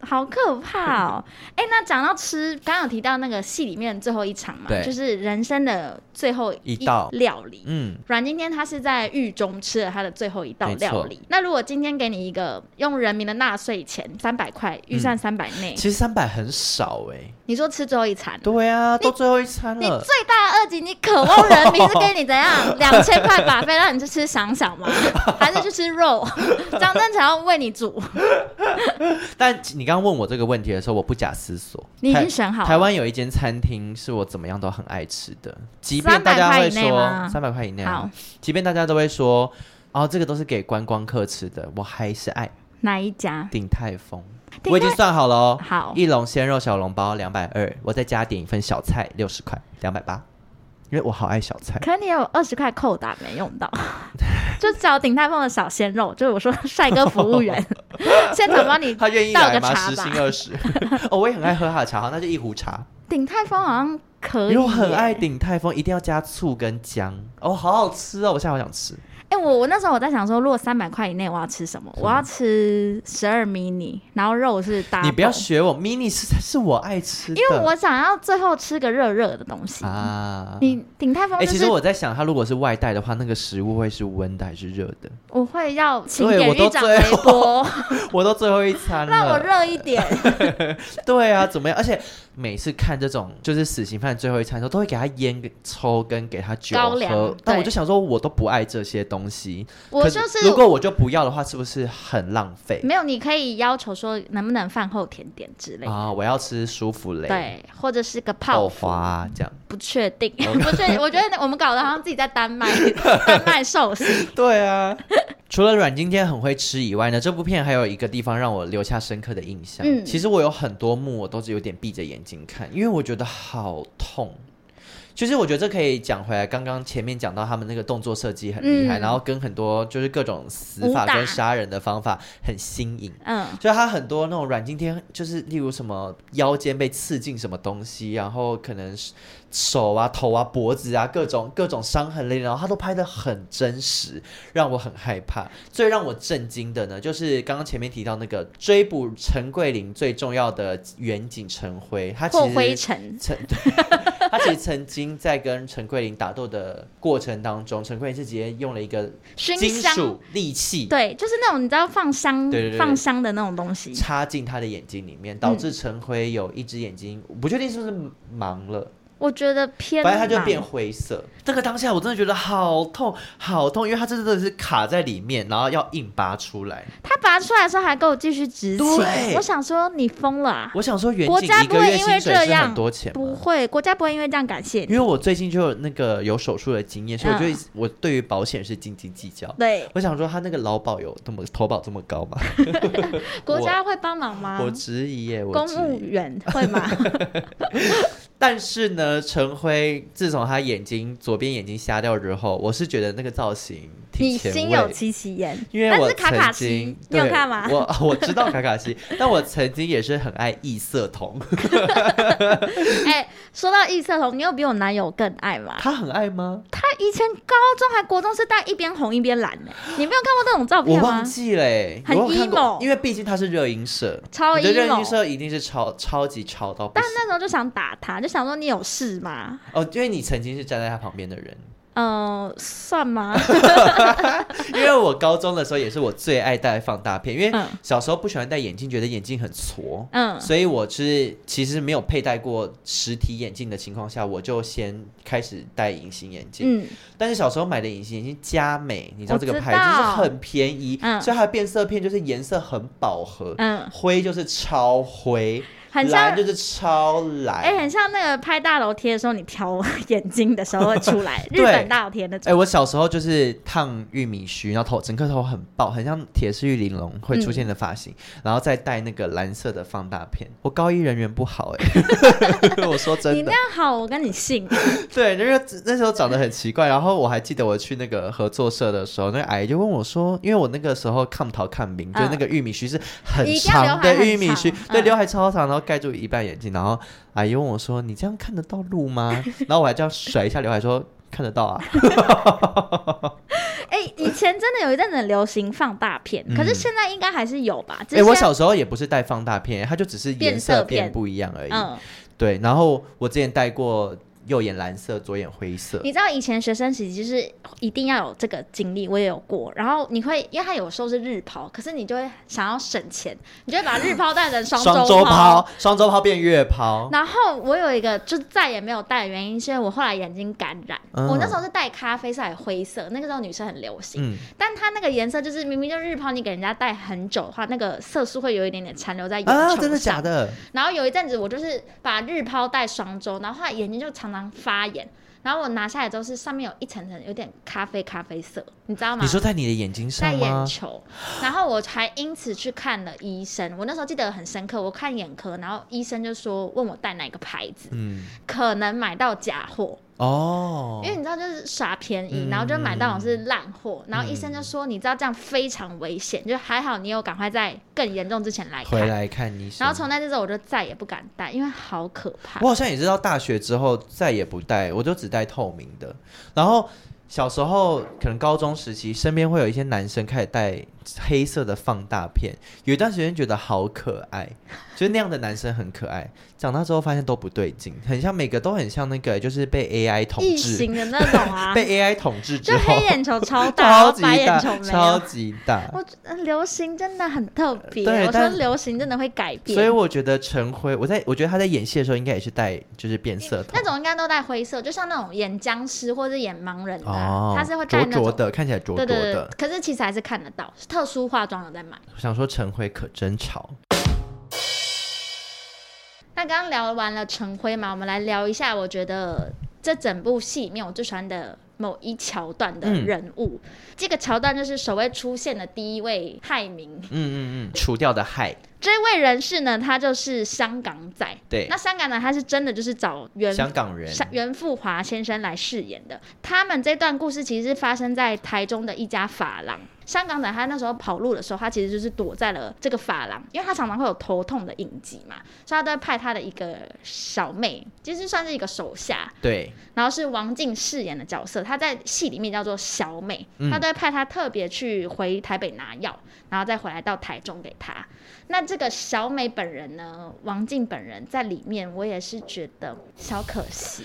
好可怕哦！哎、嗯欸，那講到吃，剛剛有提到那個戲裡面的最後一場嘛，就是人生的最後一道料理。嗯，阮經天他是在獄中吃了他的最後一道料理。那如果今天給你一個用人民的納稅錢三百塊預算三百內，其實三百很少哎、欸。你說吃最後一餐？對啊，都最後一餐了，你，你最大的惡極，你渴望人民是給你怎樣兩千塊 buffet，讓、哦、 你去吃想想嗎？ 還是去吃肉？張 正強要為你煮。 但你剛剛問我這個問題的時候，我不假思索。你已經選好了。台灣有一間餐廳是我怎麼樣都很愛吃的，即便大家會說三百塊以內嗎？三百塊以內。好，即便大家都會說，哦，這個都是給觀光客吃的，我還是愛哪一家？鼎泰豐。我已經算好了哦，好，一籠鮮肉小籠包兩百二，我再加點一份小菜六十塊，兩百八。因為我好愛小菜。可你有二十塊扣打沒用到， 就找鼎泰豐的小鮮肉，就是我說帥哥服務員。 現在找幫你倒個茶吧。十星二十， 哦，我也很愛喝他的茶，好，那就一壺茶。鼎 泰豐好像可以。如果我很愛鼎泰豐，一定要加醋跟薑，哦，好好吃哦，我現在好想吃。哎、欸，我我那時候我在想說，如果三百塊以內，我要吃什麼？嗯、我要吃十二 mini，然後肉是大。你不要學我，mini 是是我愛吃的，因為我想要最後吃個熱熱的東西啊。你鼎泰豐、就是，哎、欸，其實我在想，他如果是外帶的話，那個食物會是溫的還是熱的？我會要請典獄長微波，我都最後一餐了， 我餐了 讓我熱一點。 對啊，怎麼樣？而且每次看這種就是死刑犯最後一餐的時候，都會給他菸抽，跟給他酒喝，高粱，但我就想說，我都不愛這些東西。東西，我就是，如果我就不要的話，是不是很浪費，就是？沒有，你可以要求說能不能飯後甜點之類啊？我要吃舒芙蕾，對，或者是個泡芙，啊、這樣。不確定，哦、 我覺得我們搞得好像自己在丹麥， 丹麥壽司。 對啊， 除了阮經天很會吃以外呢，這部片還有一個地方讓我留下深刻的印象。嗯，其實我有很多幕我都是有點閉着眼睛看，因為我覺得好痛。其、就、實、是、我覺得這可以講回來，剛剛前面講到他們那個動作設計很厲害，嗯，然後跟很多就是各種死法跟殺人的方法很新穎。嗯，所以他很多那種阮經天，就是例如什麼腰間被刺進什麼東西，然後可能手啊、頭啊、脖子啊各種各種傷痕累累，然後他都拍得很真實，讓我很害怕。最讓我震驚的呢，就是剛剛前面提到那個追捕陳桂林最重要的遠景陳灰，他其實陳。 他其實曾經在跟陳桂林打鬥的過程當中，陳桂林是直接用了一個金屬利器，對，就是那種你知道放香對，對，對，對放香的那種東西，插進他的眼睛裡面，導致陳灰有一隻眼睛，嗯，我不確定是不是盲了。我覺得偏白，它就變灰色。這、那個當下我真的覺得好痛，好痛，因為它真的是卡在裡面，然後要硬拔出來。它拔出來的時候還給我繼續執行。我想說你瘋了、啊。我想說原，國家不會因為這樣多錢？不會，國家不會因為這樣感謝你。因為我最近就有那個有手術的經驗，所以我覺得我對於保險是斤斤計較。對、啊，我想說他那個勞保有這麼投保這麼高嗎？ 國家會幫忙嗎？我，我質疑耶，我質疑，公務員會嗎？ 但是呢，陳輝自從他眼睛左邊眼睛瞎掉之後，我是覺得那個造型挺前衛。你心有戚戚焉，因為我是卡卡西。你有看嗎？我我知道卡卡西， 但我曾經也是很愛異色瞳。哎、 欸，說到異色瞳，你有比我男友更愛嗎？他很愛嗎？他以前高中還國中是戴一邊紅一邊藍呢、欸。你沒有看過那種照片嗎？我忘記了、欸，很 emo，因為畢竟他是熱音社，超 emo 的熱音社一定是超超級超到，但那時候就想打他。我就想說你有事嗎？哦，因為你曾經是站在他旁邊的人。嗯、呃，算嗎？ 因為我高中的時候也是我最愛戴放大片，因為小時候不喜歡戴眼鏡，覺得眼鏡很矬。嗯，所以我是其實沒有佩戴過實體眼鏡的情況下，我就先開始戴隱形眼鏡。嗯，但是小時候買的隱形眼鏡，佳美，你知道這個牌子、就是、很便宜、嗯，所以它的變色片就是顏色很飽和。嗯，灰就是超灰。很像藍就是超藍，哎、欸，很像那個拍大樓貼的時候，你挑眼睛的時候會出來 日本大樓貼那種。哎、欸，我小時候就是燙玉米須，然後頭整個頭很爆，很像鐵絲玉玲瓏會出現的髮型、嗯，然後再戴那個藍色的放大片。我高一人緣不好、欸，哎， 我說真的， 你那樣好，我跟你姓。 對，因、那、為、個、那時候長得很奇怪，然後我還記得我去那個合作社的時候，那個阿姨就問我說，因為我那個時候抗糖抗敏，就是、那個玉米須是很長的玉米須、嗯，對，劉、嗯、海超長，然後。蓋住一半眼睛，然後阿姨、哎、問我說：“你這樣看得到路嗎？” 然後我還這樣甩一下劉海說：“看得到啊！”哎、 欸，以前真的有一陣子流行放大片，嗯，可是現在應該還是有吧？哎、欸，我小時候也不是戴放大片，它就只是顏色片不一樣而已。嗯、對。然後我之前戴過。右眼藍色，左眼灰色。你知道以前學生時期是一定要有這個經歷，我也有過。然後你會，因為他有時候是日拋，可是你就會想要省錢，你就會把日拋戴成雙周拋，雙 周拋變月拋。然後我有一個就再也沒有戴的原因，是因為我後來眼睛感染。嗯、我那時候是戴咖啡色還灰色，那個時候女生很流行，嗯、但它那個顏色就是明明就日拋，你給人家戴很久的話，那個色素會有一點點殘留在眼球上。啊，真的假的？然後有一陣子我就是把日拋戴雙周，然後，後來眼睛就長。發炎，然後我拿下來之後是上面有一層層有點咖啡咖啡色，你知道嗎？你說在你的眼睛上，在眼球，然後我還因此去看了醫生。我那時候記得很深刻，我看眼科，然後醫生就說問我戴哪個牌子，嗯，可能買到假貨。哦、oh，因為你知道就是耍便宜，嗯，然後就買到的是爛貨，嗯，然後醫生就說，你知道這樣非常危險，嗯，就還好你有趕快在更嚴重之前來看回來看醫生。然後從那之後我就再也不敢戴，因為好可怕。我好像也知道大學之後再也不戴，我就只戴透明的。然後小時候可能高中時期，身邊會有一些男生開始戴。黑色的放大片，有一段時間覺得好可愛， 就那樣的男生很可愛。長大之後發現都不對勁，很像每個都很像那個，就是被 AI 異形的那種啊， 被 AI 統治就黑眼球超大，超級大，超，超級大。我覺得流行真的很特別，我說流行真的會改變，所以我覺得陳輝，我在我覺得他在演戲的時候應該也是帶，就是變色的、嗯、那種應該都帶灰色，就像那種演僵屍或者演盲人的、啊，他、哦、是會帶着的，看起來濁濁的，對對對，可是其實還是看得到。特殊化妝了再買。我想說陳輝可真潮 那剛聊完了陳輝嘛，我們來聊一下，我覺得這整部戲裡面我最喜歡的某一橋段的人物。嗯、這個橋段就是首位出現的第一位害民。嗯嗯嗯， 除掉的害。這位人士呢，他就是香港仔。對。那香港仔他是真的就是找袁、袁富華先生來飾演的。他們這段故事其實是發生在台中的一家髮廊。香港仔他那時候跑路的時候，他其實就是躲在了這個髮廊，因為他常常會有頭痛的隱疾嘛，所以他都會派他的一個小妹，其實算是一個手下。對。然後是王淨飾演的角色，他在戲裡面叫做小美，他都會派他特別去回台北拿藥，嗯，然後再回來到台中給他。那。這個小美本人呢，王靜本人在裡面，我也是覺得小可惜。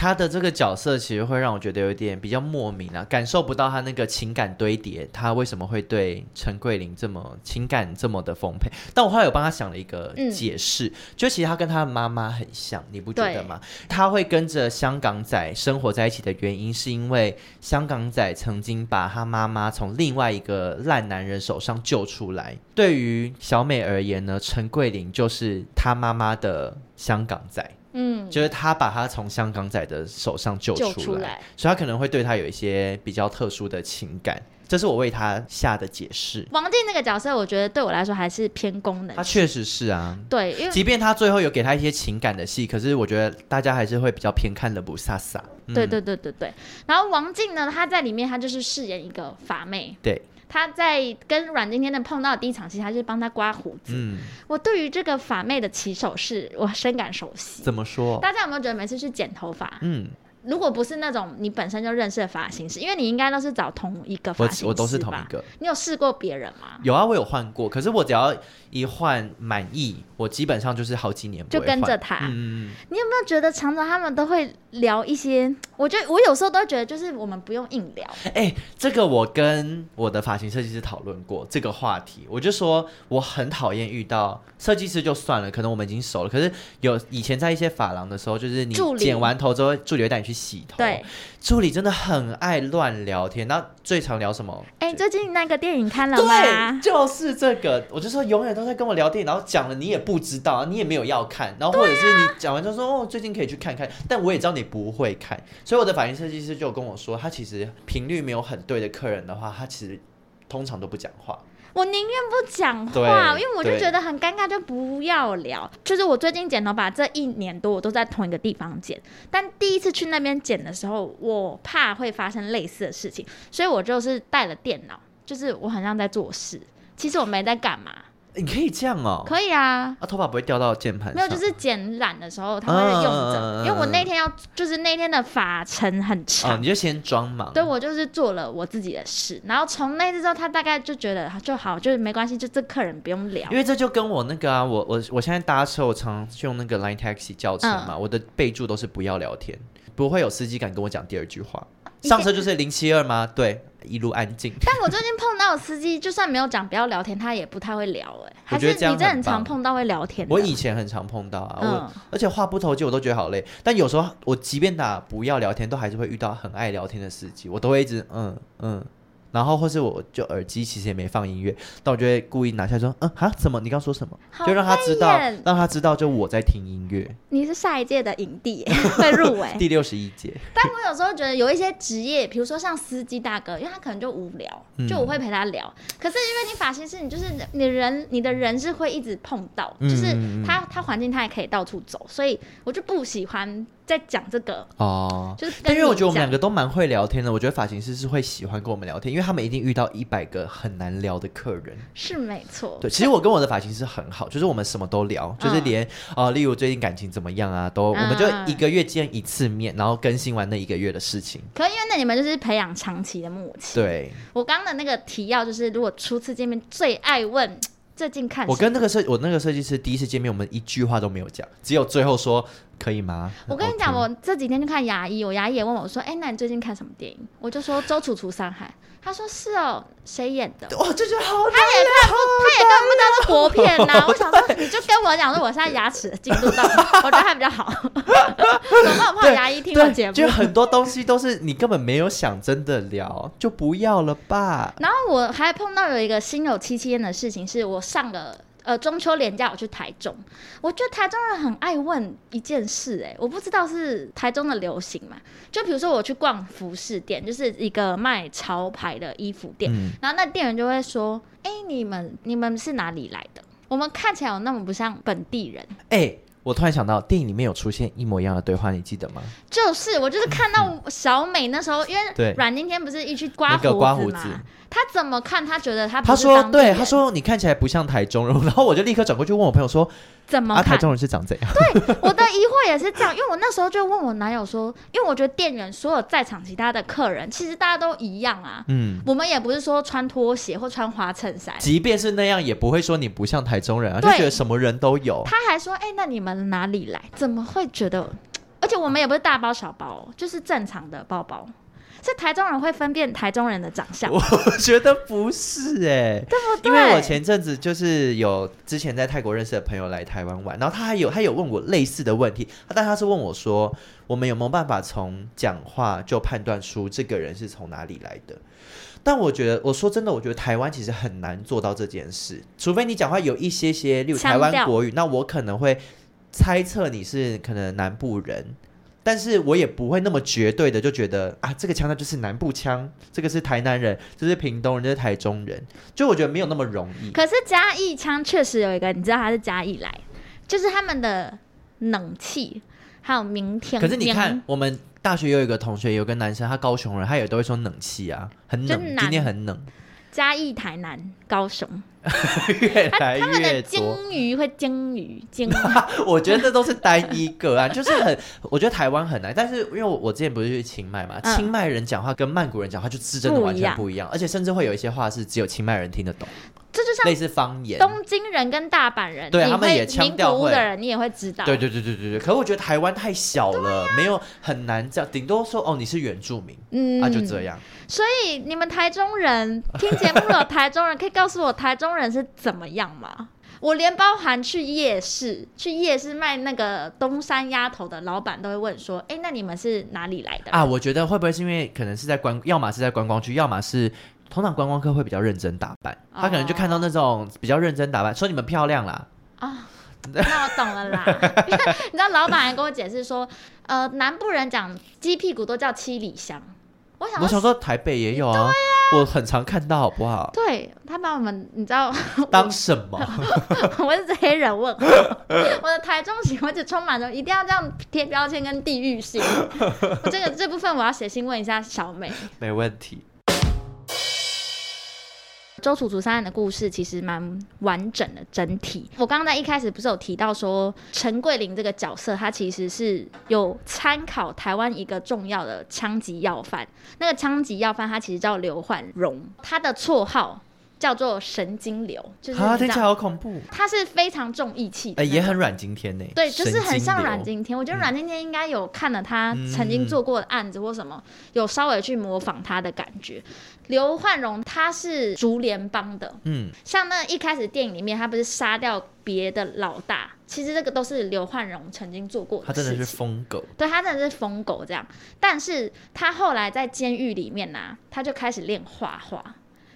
他的這個角色其實會讓我覺得有點比較莫名啊，感受不到他那個情感堆疊，他為什麼會對陳桂林這麼情感這麼的豐沛？但我後來有幫他想了一個解釋，嗯，就其實他跟他的媽媽很像，你不覺得嗎？他會跟着香港仔生活在一起的原因，是因為香港仔曾經把他媽媽從另外一個爛男人手上救出來。對於小美而言呢，陳桂林就是他媽媽的香港仔。嗯，就是他把他從香港仔的手上救出，救出來，所以他可能會對他有一些比較特殊的情感。這是我為他下的解釋。王淨那個角色，我覺得對我來說還是偏功能的。他確實是啊，對，因為即便他最後有給他一些情感的戲，可是我覺得大家還是會比較偏看的不颯颯。對對對對對。然後王淨呢，他在裡面他就是飾演一個髮妹。對。他在跟阮經天的碰到的第一場戲，他就是幫他刮鬍子。嗯，我對於這個髮妹的起手式，我深感熟悉。怎麼說？大家有沒有覺得每次去剪頭髮？嗯。如果不是那種你本身就認識的髮型師，因為你應該都是找同一個髮型師吧？我我都是同一個。你有試過別人嗎？有啊，我有換過，可是我只要一換滿意，我基本上就是好幾年不會換，就跟着他。嗯，你有沒有覺得常常他們都會聊一些？我覺我有時候都覺得，就是我們不用硬聊。哎、欸，這個我跟我的髮型設計師討論過這個話題，我就說我很討厭遇到設計師就算了，可能我們已經熟了。可是有以前在一些髮廊的時候，就是你剪完頭之後，助理會帶你去洗頭對，助理真的很愛亂聊天。那最常聊什麼？哎、欸，最近那個電影看了嗎？對，就是這個。我就說永遠都在跟我聊電影，然後講了你也不知道啊，你也沒有要看。然後或者是你講完就說、啊、哦，最近可以去看看，但我也知道你不會看，所以我的髮型設計師就跟我說，他其實頻率沒有很對的客人的話，他其實通常都不講話。我寧願不講話，因為我就覺得很尷尬，就不要聊。就是我最近剪頭髮這一年多，我都在同一個地方剪，但第一次去那邊剪的時候，我怕會發生類似的事情，所以我就是帶了電腦，就是我很像在做事，其實我沒在幹嘛。嗯你可以這樣哦，可以啊，啊，頭髮不會掉到鍵盤上沒有，就是剪染的時候，他會用着、嗯，因為我那天要，嗯、就是那天的髮程很長、哦。你就先裝嘛。對，我就是做了我自己的事，然後從那次之後，他大概就覺得就好，就是沒關係，就這客人不用聊。因為這就跟我那個啊，我我我現在搭車，我常常去用那個 Line Taxi 教程嘛、嗯，我的備注都是不要聊天，不會有司機敢跟我講第二句話。上車就是零七二嗎？ 對。一路安靜，但我最近碰到的司機， 就算沒有講不要聊天，他也不太會聊。欸，哎，還是你這很常碰到會聊天？我以前很常碰到啊，我、嗯、而且話不投機，我都覺得好累。但有時候我即便打不要聊天，都還是會遇到很愛聊天的司機，我都會一直嗯嗯。然後或是我就耳機其實也沒放音樂，但我就會故意拿下來說，嗯哈，怎麼你剛剛說什麼？好。就讓他知道，讓他知道就我在聽音樂。你是下一屆的影帝，會入圍 第六十一屆。但我有時候覺得有一些職業，比如說像司機大哥，因為他可能就無聊，就我會陪他聊。嗯、可是因為你髮型師，你就是你人，你的人是會一直碰到，嗯、就是他他環境他也可以到處走，所以我就不喜歡在講這個哦。就是，但因為我覺得我們兩個都蠻會聊天的，我覺得髮型師是會喜歡跟我們聊天，因為。因為他們一定遇到一百個很難聊的客人。是沒錯。對，其實我跟我的髮型師很好，就是我們什麼都聊，嗯、就是連啊、呃，例如最近感情怎麼樣啊，都、嗯、我們就一個月見一次面，然後更新完那一個月的事情。可，因為那你們就是培養長期的默契。對，我剛剛的那個提要就是，如果初次見面最愛問最近看。我跟那個設我那個設計師第一次見面，我們一句話都沒有講，只有最後說。可以嗎？我跟你講、okay，我這幾天就看牙醫，我牙醫也問我，說，哎、欸，那你最近看什麼電影？我就說周處除三害，他說是哦，誰演的？我、哦、就覺得好，他也看不，他也跟他不到國片吶、啊哦。我想說，你就跟我講說，我現在牙齒進度到， 我覺得還比較好。怕 不對 怕牙醫聽我節目？就很多東西都是你根本沒有想真的聊，就不要了吧。 然後我還碰到有一個心有戚戚焉的事情，是我上了。呃，中秋連假我去台中，我覺得台中人很愛問一件事、欸，哎，我不知道是台中的流行嘛，就比如說我去逛服飾店，就是一個賣潮牌的衣服店，嗯、然後那店員就會說，哎、欸，你們你們是哪裡來的？我們看起來有那麼不像本地人。哎、欸，我突然想到電影裡面有出現一模一樣的對話，你記得嗎？就是我就是看到小美那時候，嗯、因為阮經天不是一去刮鬍子嘛。他怎麼看？他覺得他不他說對，他說你看起來不像台中人，然後我就立刻轉過去問我朋友說，怎麼、啊、台中人是長這樣？對， 我的疑惑也是這樣，因為我那時候就問我男友說，因為我覺得店員所有在場其他的客人其實大家都一樣啊，嗯，我們也不是說穿拖鞋或穿花襯衫，即便是那樣也不會說你不像台中人啊，就覺得什麼人都有。他還說，哎、欸，那你們哪裡來？怎麼會覺得？而且我們也不是大包小包，就是正常的包包。這台中人會分辨台中人的長相，我覺得不是哎、欸，對不對？因為我前陣子就是有之前在泰國認識的朋友來台灣玩，然後他還有他有問我類似的問題，但他是問我說，我們有沒有辦法從講話就判斷出這個人是從哪裡來的？但我覺得，我說真的，我覺得台灣其實很難做到這件事，除非你講話有一些些例如台灣國語，那我可能會猜測你是可能南部人。但是我也不會那麼絕對的就覺得啊，這個腔呢就是南部腔，這個是台南人，這、就是屏東人，這、就是台中人，就我覺得沒有那麼容易。可是嘉義腔確實有一個，你知道他是嘉義來，就是他們的冷氣還有明天。可是你看，我們大學有一個同學，有一個男生，他高雄人，他也都會說冷氣啊，很冷，今天很冷。嘉義、台南、高雄。 越來越多鯨魚會鯨魚鯨魚，魚 我覺得這都是單一個案，啊， 就是很我覺得台灣很難，但是因為我我之前不是去清邁嘛，清、嗯、邁人講話跟曼谷人講話就是真的完全不一樣，嗯，而且甚至會有一些話是只有清邁人聽得懂，這、嗯、就像類似方言。東京人跟大阪人，對他們也腔調人你也會知道。對對對對對對，可是我覺得台灣太小了，啊，沒有很難叫，頂多說哦，你是原住民，嗯，那、啊、就這樣。所以你們台中人聽節目了，台中人可以告訴我台中。 工人是怎麼樣嘛？我連包含去夜市，去夜市賣那個東山鴨頭的老板都會問說：“哎、欸，那你們是哪裡來的啊？”我覺得會不會是因為可能是在觀，要麼是在觀光區，要麼是通常觀光客會比較認真打扮、哦，他可能就看到那種比較認真打扮，說你們漂亮啦。啊、哦，那我懂了啦。 你知道老板還跟我解釋說，呃，南部人講雞屁股都叫七里香。我想，我想說台北也有啊。我很常看到，好不好？對，他把我們，你知道當什麼？我是黑人問號 我的台中行，而就充滿着一定要這樣貼標籤跟地域性。 我這個這部分我要寫信問一下小美，沒問題。周處除三害的故事其實蠻完整的整體。我剛剛在一開始不是有提到說，陳桂林這個角色他其實是有參考台灣一個重要的槍擊要犯，那個槍擊要犯他其實叫劉煥榮，他的綽號叫做神經瘤。他聽起來好恐怖。他是非常重義氣，也很阮經天呢、欸。對，就是很像阮經天。我覺得阮經天應該有看了他曾經做過的案子或什麼，嗯、有稍微去模仿他的感覺。劉煥榮他是竹聯幫的，嗯，像那一開始電影裡面，他不是殺掉別的老大，其實這個都是劉煥榮曾經做過的事情。他真的是瘋狗，對他真的是瘋狗這樣。但是他後來在監獄裡面呢、啊，他就開始練畫畫，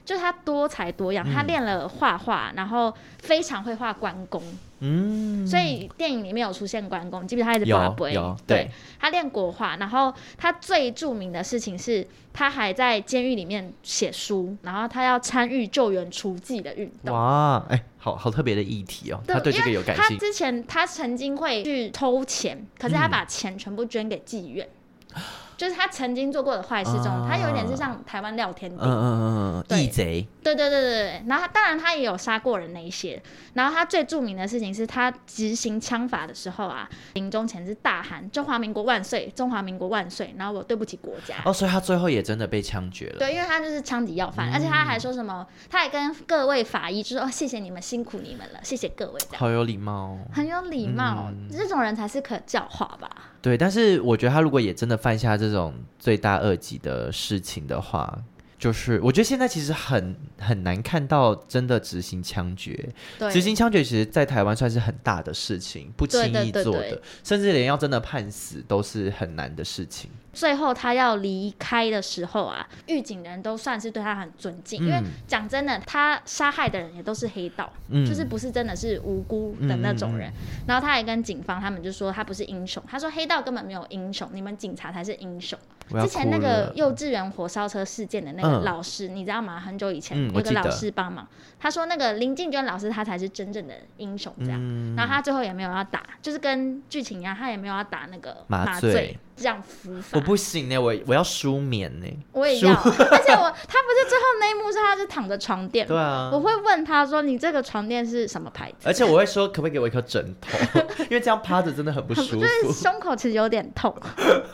就他多才多樣，他練了畫畫，然後非常會畫關公。嗯嗯，所以電影裡面有出現關公，基本他一直有？有，對，對，他練國畫，然後他最著名的事情是他還在監獄裡面寫書，然後他要參與救援除妓的運動。哇，哎、欸，好好特別的議題哦，他對這個有感興趣。他之前他曾經會去偷錢，可是他把錢全部捐給妓院。嗯就是他曾經做過的壞事中，uh, 他有一點是像台灣廖添丁，嗯嗯嗯義賊，對對對對對。然後他當然他也有殺過人那一些，然後他最著名的事情是他執行槍法的時候啊，臨終前是大喊“中華民國萬歲，中華民國萬歲”，然後我對不起國家。哦、oh,，所以他最後也真的被槍決了。對，因為他就是槍擊要犯、嗯，而且他還說什麼，他還跟各位法醫就是說：“哦，謝謝你們辛苦你們了，謝謝各位這樣。”好有禮貌、哦，很有禮貌、哦嗯，這種人才是可教化吧。對，但是我覺得他如果也真的犯下這種罪大惡極的事情的話，就是我覺得現在其實很很難看到真的執行槍決。執行槍決其實，在台灣算是很大的事情，不輕易做的，對對對對，甚至連要真的判死都是很難的事情。最後他要離開的時候啊，獄警人都算是對他很尊敬，嗯、因為講真的，他殺害的人也都是黑道、嗯，就是不是真的是無辜的那種人、嗯。然後他還跟警方他們就說他不是英雄，他說黑道根本沒有英雄，你們警察才是英雄。之前那個幼稚園火燒車事件的那個老師、嗯，你知道嗎？很久以前、嗯、有個老師幫忙。他說：“那個林靜娟老師，他才是真正的英雄，這樣、嗯。然後他最後也沒有要打，就是跟劇情一樣，他也沒有要打那個麻醉，麻醉這樣服。我不行呢、欸，我我要舒眠呢、欸，我也要、啊。而且我他不是最後那一幕是他是躺着床墊，對啊。我會問他說：你這個床墊是什麼牌子？而且我會說可不可以給我一顆枕頭， 因為這樣趴着真的很不舒服。就是、胸口其實有點痛，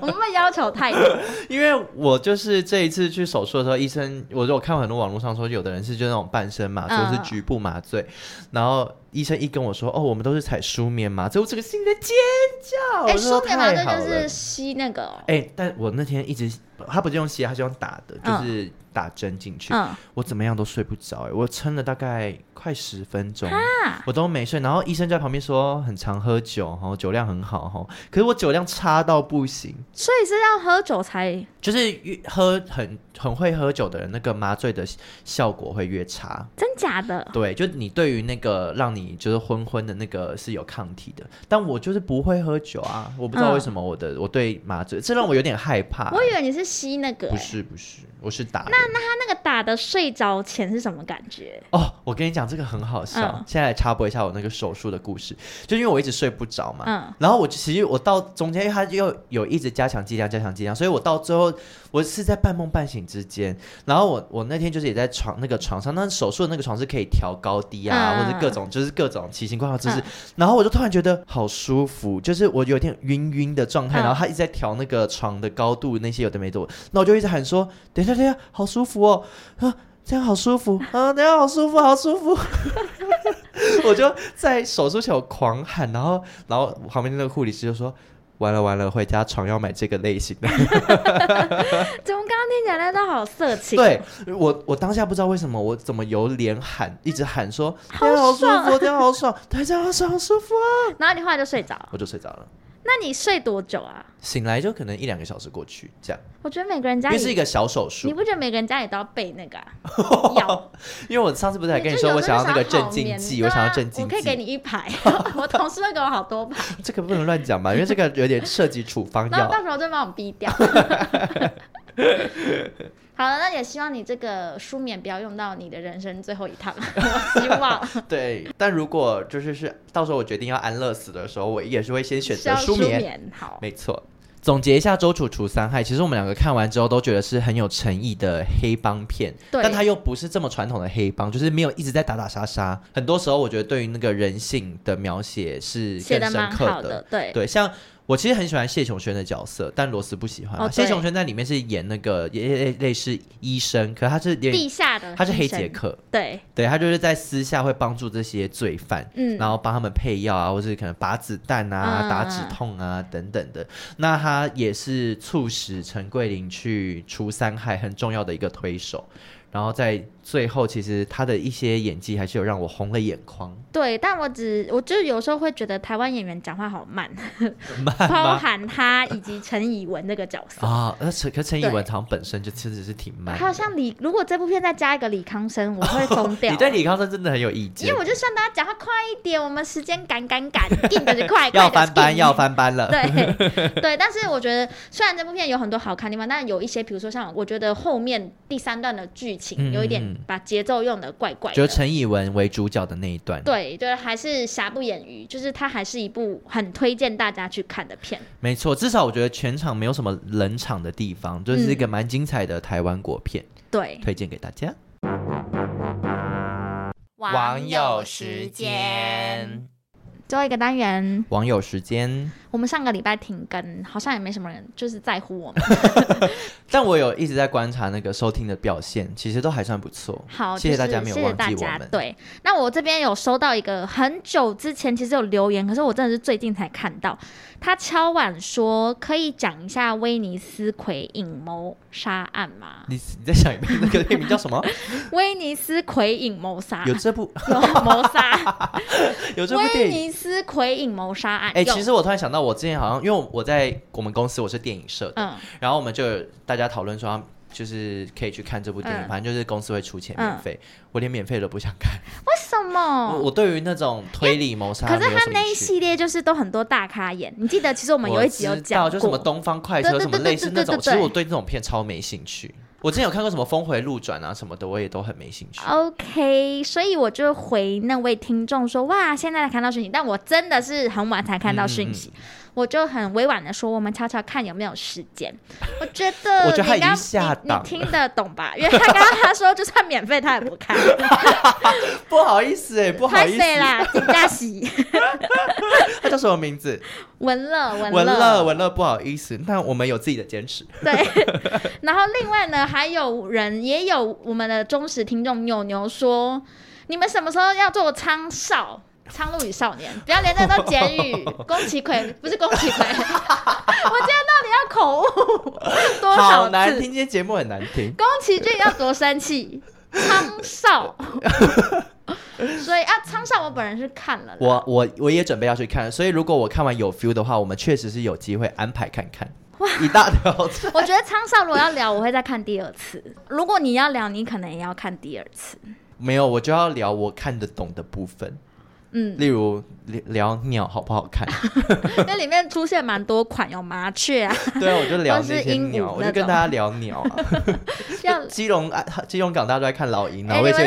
我們沒要求太多。 因為我就是這一次去手術的時候，醫生我就看很多網絡上說，有的人是覺得。”那種半身麻，就是局部麻醉，啊、然後。醫生一跟我說：“哦，我們都是採舒眠嘛，這我整個心在尖叫。哎、欸，舒眠麻那就是吸那個、哦。哎、欸，但我那天一直他不是用吸，他是用打的，嗯、就是打針進去、嗯。我怎麼樣都睡不着，哎，我撐了大概快十分鐘、啊，我都沒睡。然後醫生就在旁邊說：“很常喝酒，酒量很好，哈，可是我酒量差到不行。”所以是要喝酒才就是越喝很很會喝酒的人，那個麻醉的效果會越差，真假的？對，就你對於那個讓你。你就是昏昏的那個是有抗體的，但我就是不會喝酒啊，我不知道為什麼我的、嗯、我的，我對麻醉這讓我有點害怕啊。我以為你是吸那個欸，不是不是，我是打。那那他那個打的睡着前是什麼感覺？哦，我跟你講，這個很好笑。嗯，現在插播一下我那個手術的故事，就因為我一直睡不着嘛，嗯，然後我其實我到中間，因為他又有一直加強劑量，加強劑量，所以我到最後我是在半夢半醒之間。然後我我那天就是也在床那個床上，那手術的那個床是可以調高低啊，嗯，或者各種，嗯，就是。各種奇形怪狀姿勢，然後我就突然覺得好舒服，就是我有點暈暈的狀態，啊、然後他一直在調那個床的高度，那些有的沒的，那我就一直喊說：“等一下等一下，好舒服哦，啊，這樣好舒服啊，等下好舒服，好舒服。 ” 我就在手術前我狂喊，然後然後旁邊那個護理師就說：“完了完了，回家床要買這個類型的。 ” 聽起來都好色情、哦。對，我我當下不知道為什麼，我怎麼有臉喊，一直喊說，嗯好，啊、好舒服、啊，天好爽、啊， 大家好爽，好舒服啊。然後你後來就睡着，我就睡着了。那你睡多久啊？醒來就可能一兩個小時過去這樣。我覺得每個人家也是一個小手術，你不覺得每個人家裡都要備那個藥、啊？ 因為我上次不是還跟你說你，我想要那個鎮靜劑，我想要鎮靜劑，我可以給你一排， 我同事都給我好多吧？這個不能亂講嘛，因為這個有點涉及處方藥， 然後到時候真把我逼掉。 好了，那也希望你這個書面不要用到你的人生最後一趟。希望 對，但如果就是是到時候我決定要安樂死的時候，我也是會先選擇書面，書面好，沒錯。總結一下，《周楚除三害》，其實我們兩個看完之後都覺得是很有誠意的黑幫片，對，但它又不是這麼傳統的黑幫，就是沒有一直在打打殺殺。很多時候，我覺得對於那個人性的描寫是寫的蠻好的。對對，像。我其實很喜歡謝瓊軒的角色，但羅斯不喜歡、哦。謝瓊軒在裡面是演那個也也類似醫生，可是他是地下的，他是黑傑克。對對，他就是在私下會幫助這些罪犯，嗯、然後幫他們配藥啊，或是可能拔子彈啊、打止痛啊，啊等等的。那他也是促使陳桂林去除三害很重要的一個推手，然後在。最後，其實他的一些演技還是有讓我紅了眼眶。對，但我只我就是有時候會覺得台灣演員講話好慢，慢，包含他以及陳以文那個角色啊。那 陳、哦、可陳以文好像本身就其實是挺慢。還像李，如果這部片再加一個李康生，我會瘋掉、啊哦。你對李康生真的很有意見。因為我就希望大家講話快一點，我們時間趕趕趕，定的就快。要翻班要翻班了。 對對，但是我覺得雖然這部片有很多好看地方，但有一些，比如說像我覺得後面第三段的劇情嗯嗯有一點。嗯、把節奏用的怪怪的，覺得陳以文為主角的那一段，對，對，還是瑕不掩瑜，就是它還是一部很推薦大家去看的片。沒錯，至少我覺得全場沒有什麼冷場的地方，就是一個蠻精彩的台灣國片，嗯。對，推薦給大家。網友時間。最後一個單元，網友時間。我們上個禮拜停更，好像也沒什麼人，就是在乎我們。 但我有一直在觀察那個收聽的表現，其實都還算不錯。好，就是，謝謝大家沒有忘記我們，謝謝大家。對，那我這邊有收到一個很久之前其實有留言，可是我真的是最近才看到。他敲碗說：“可以講一下《威尼斯魁影謀殺案》嗎？”你你再想一遍，那個片名叫什麼？ 《威尼斯魁影謀殺》有這部謀 殺有， 有這部電影《威尼斯魁影謀殺案》欸。哎，其實我突然想到，我之前好像因為我在我們公司，我是電影社的，嗯、然後我們就大家討論說。就是可以去看這部電影，嗯、反正就是公司會出錢免費、嗯，我連免費都不想看。為什麼？我,我對於那種推理謀殺，可是他那一系列就是都很多大咖演。你記得，其實我們有一集有講，就是什麼東方快車對對對對對對什麼類似那種，其實我對這種片超沒興趣。對對對對對對我之前有看過什麼峰回路轉啊什麼的，我也都很沒興趣。 OK，所以我就回那位聽眾說，哇，現在才看到訊息，但我真的是很晚才看到訊息。嗯我就很委婉的說，我們瞧瞧看有沒有時間。我覺得你剛你，你聽得懂吧？因為他剛剛他說 就算免費他也不看。 不好意思哎、欸，不好意思，恭喜。 他叫什麼名字文？文樂，文樂，文樂，不好意思，但我們有自己的堅持。對。然後另外呢，還有人，也有我們的忠實聽眾牛牛說， 你們什麼時候要做昌少？《蒼鷺與少年》，不要連着都簡語。宮崎葵不是宮崎葵，崎葵 我今天到底要口誤多少次？好難聽，今天節目很難聽。宮崎駿要多生氣， 蒼少。 所以啊，蒼少，我本人是看了，我我我也準備要去看。所以如果我看完有 feel 的話，我們確實是有機會安排看看。哇，一大條。我覺得蒼少如果要聊， 我會再看第二次。如果你要聊，你可能也要看第二次。沒有，我就要聊我看得懂的部分。嗯，例如聊鳥好不好看？ 那裡面出現蠻多款，有麻雀啊。 對啊，我就聊那些鳥，我就跟大家聊鳥、啊。像 要笑基隆啊，基隆港大家都在看老鷹，然後因為是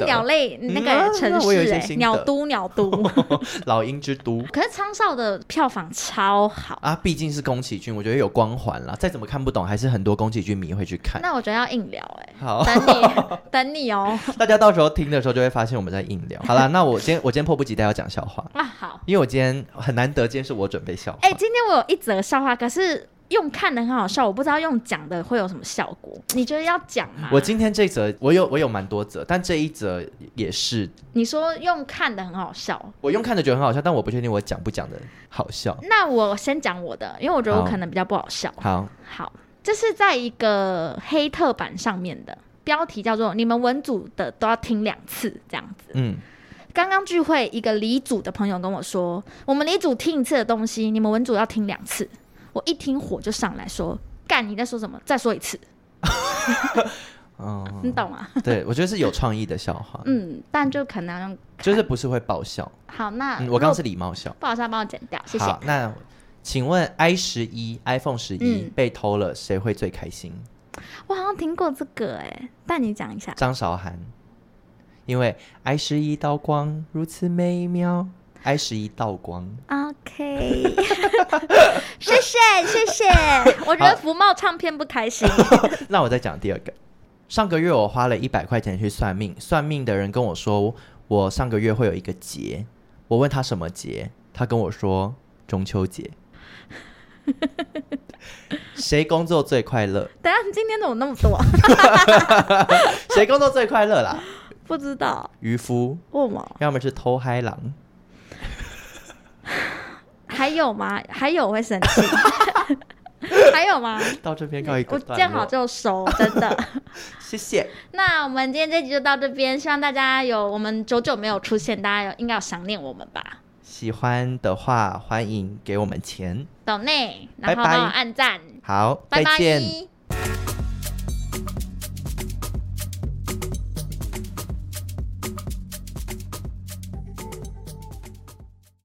鳥類那個城市，嗯啊、 鳥都鳥都 老鷹之都。可是蒼少的票房超好啊，畢竟是宮崎駿，我覺得有光環啦，再怎麼看不懂，還是很多宮崎駿迷會去看。 那我覺得要硬聊哎、欸，好， 等你，等你哦。 大家到時候聽的時候就會發現我們在硬聊。 好了，那我今我今天迫不及待。記得要講笑話啊！好，因為我今天很難得，今天是我準備笑話。哎、欸，今天我有一則笑話，可是用看的很好笑，我不知道用講的會有什麼效果。你覺得要講嗎？我今天這則我有我有蠻多則，但這一則也是。你說用看的很好笑，我用看的覺得很好笑，但我不確定我講不講的好笑。那我先講我的，因為我覺得我可能比較不好笑。好，好，這是在一個黑特版上面的，標題叫做“你們文組的都要聽兩次”這樣子。嗯。剛剛聚會，一個理組的朋友跟我說：“我們理組聽一次的東西，你們文組要聽兩次。”我一聽火就上來說：“幹，你在說什麼？再說一次。 ” 嗯，你懂嗎？ 對，我覺得是有創意的笑話。嗯，但就可能就是不是會爆笑。好，那、嗯、我剛剛是禮貌笑，爆笑幫我剪掉，謝謝。那請問 i 十一 iPhone 十、嗯、一被偷了，誰會最開心？我好像聽過這個、欸，哎，但你講一下。張韶涵。因為愛是一道光，如此美妙。愛是一道光。OK，謝謝謝謝。是是 我覺得福茂唱片不開心。 那我再講第二個。上個月我花了一百塊錢去算命，算命的人跟我說，我上個月會有一個節。我問他什麼節？他跟我說中秋節。誰 工作最快樂？等下你今天怎麼那麼多？誰 工作最快樂啦？不知道漁夫要麼是偷嗨狼， 還有嗎？還有我會生氣， 還有嗎？到這邊告一個段落，見好就收， 真的。 謝謝。那我們今天這集就到這邊，希望大家有我們久久沒有出現，大家有應該有想念我們吧？喜歡的話，歡迎給我們錢，斗內，然後還有按讚，好，拜拜。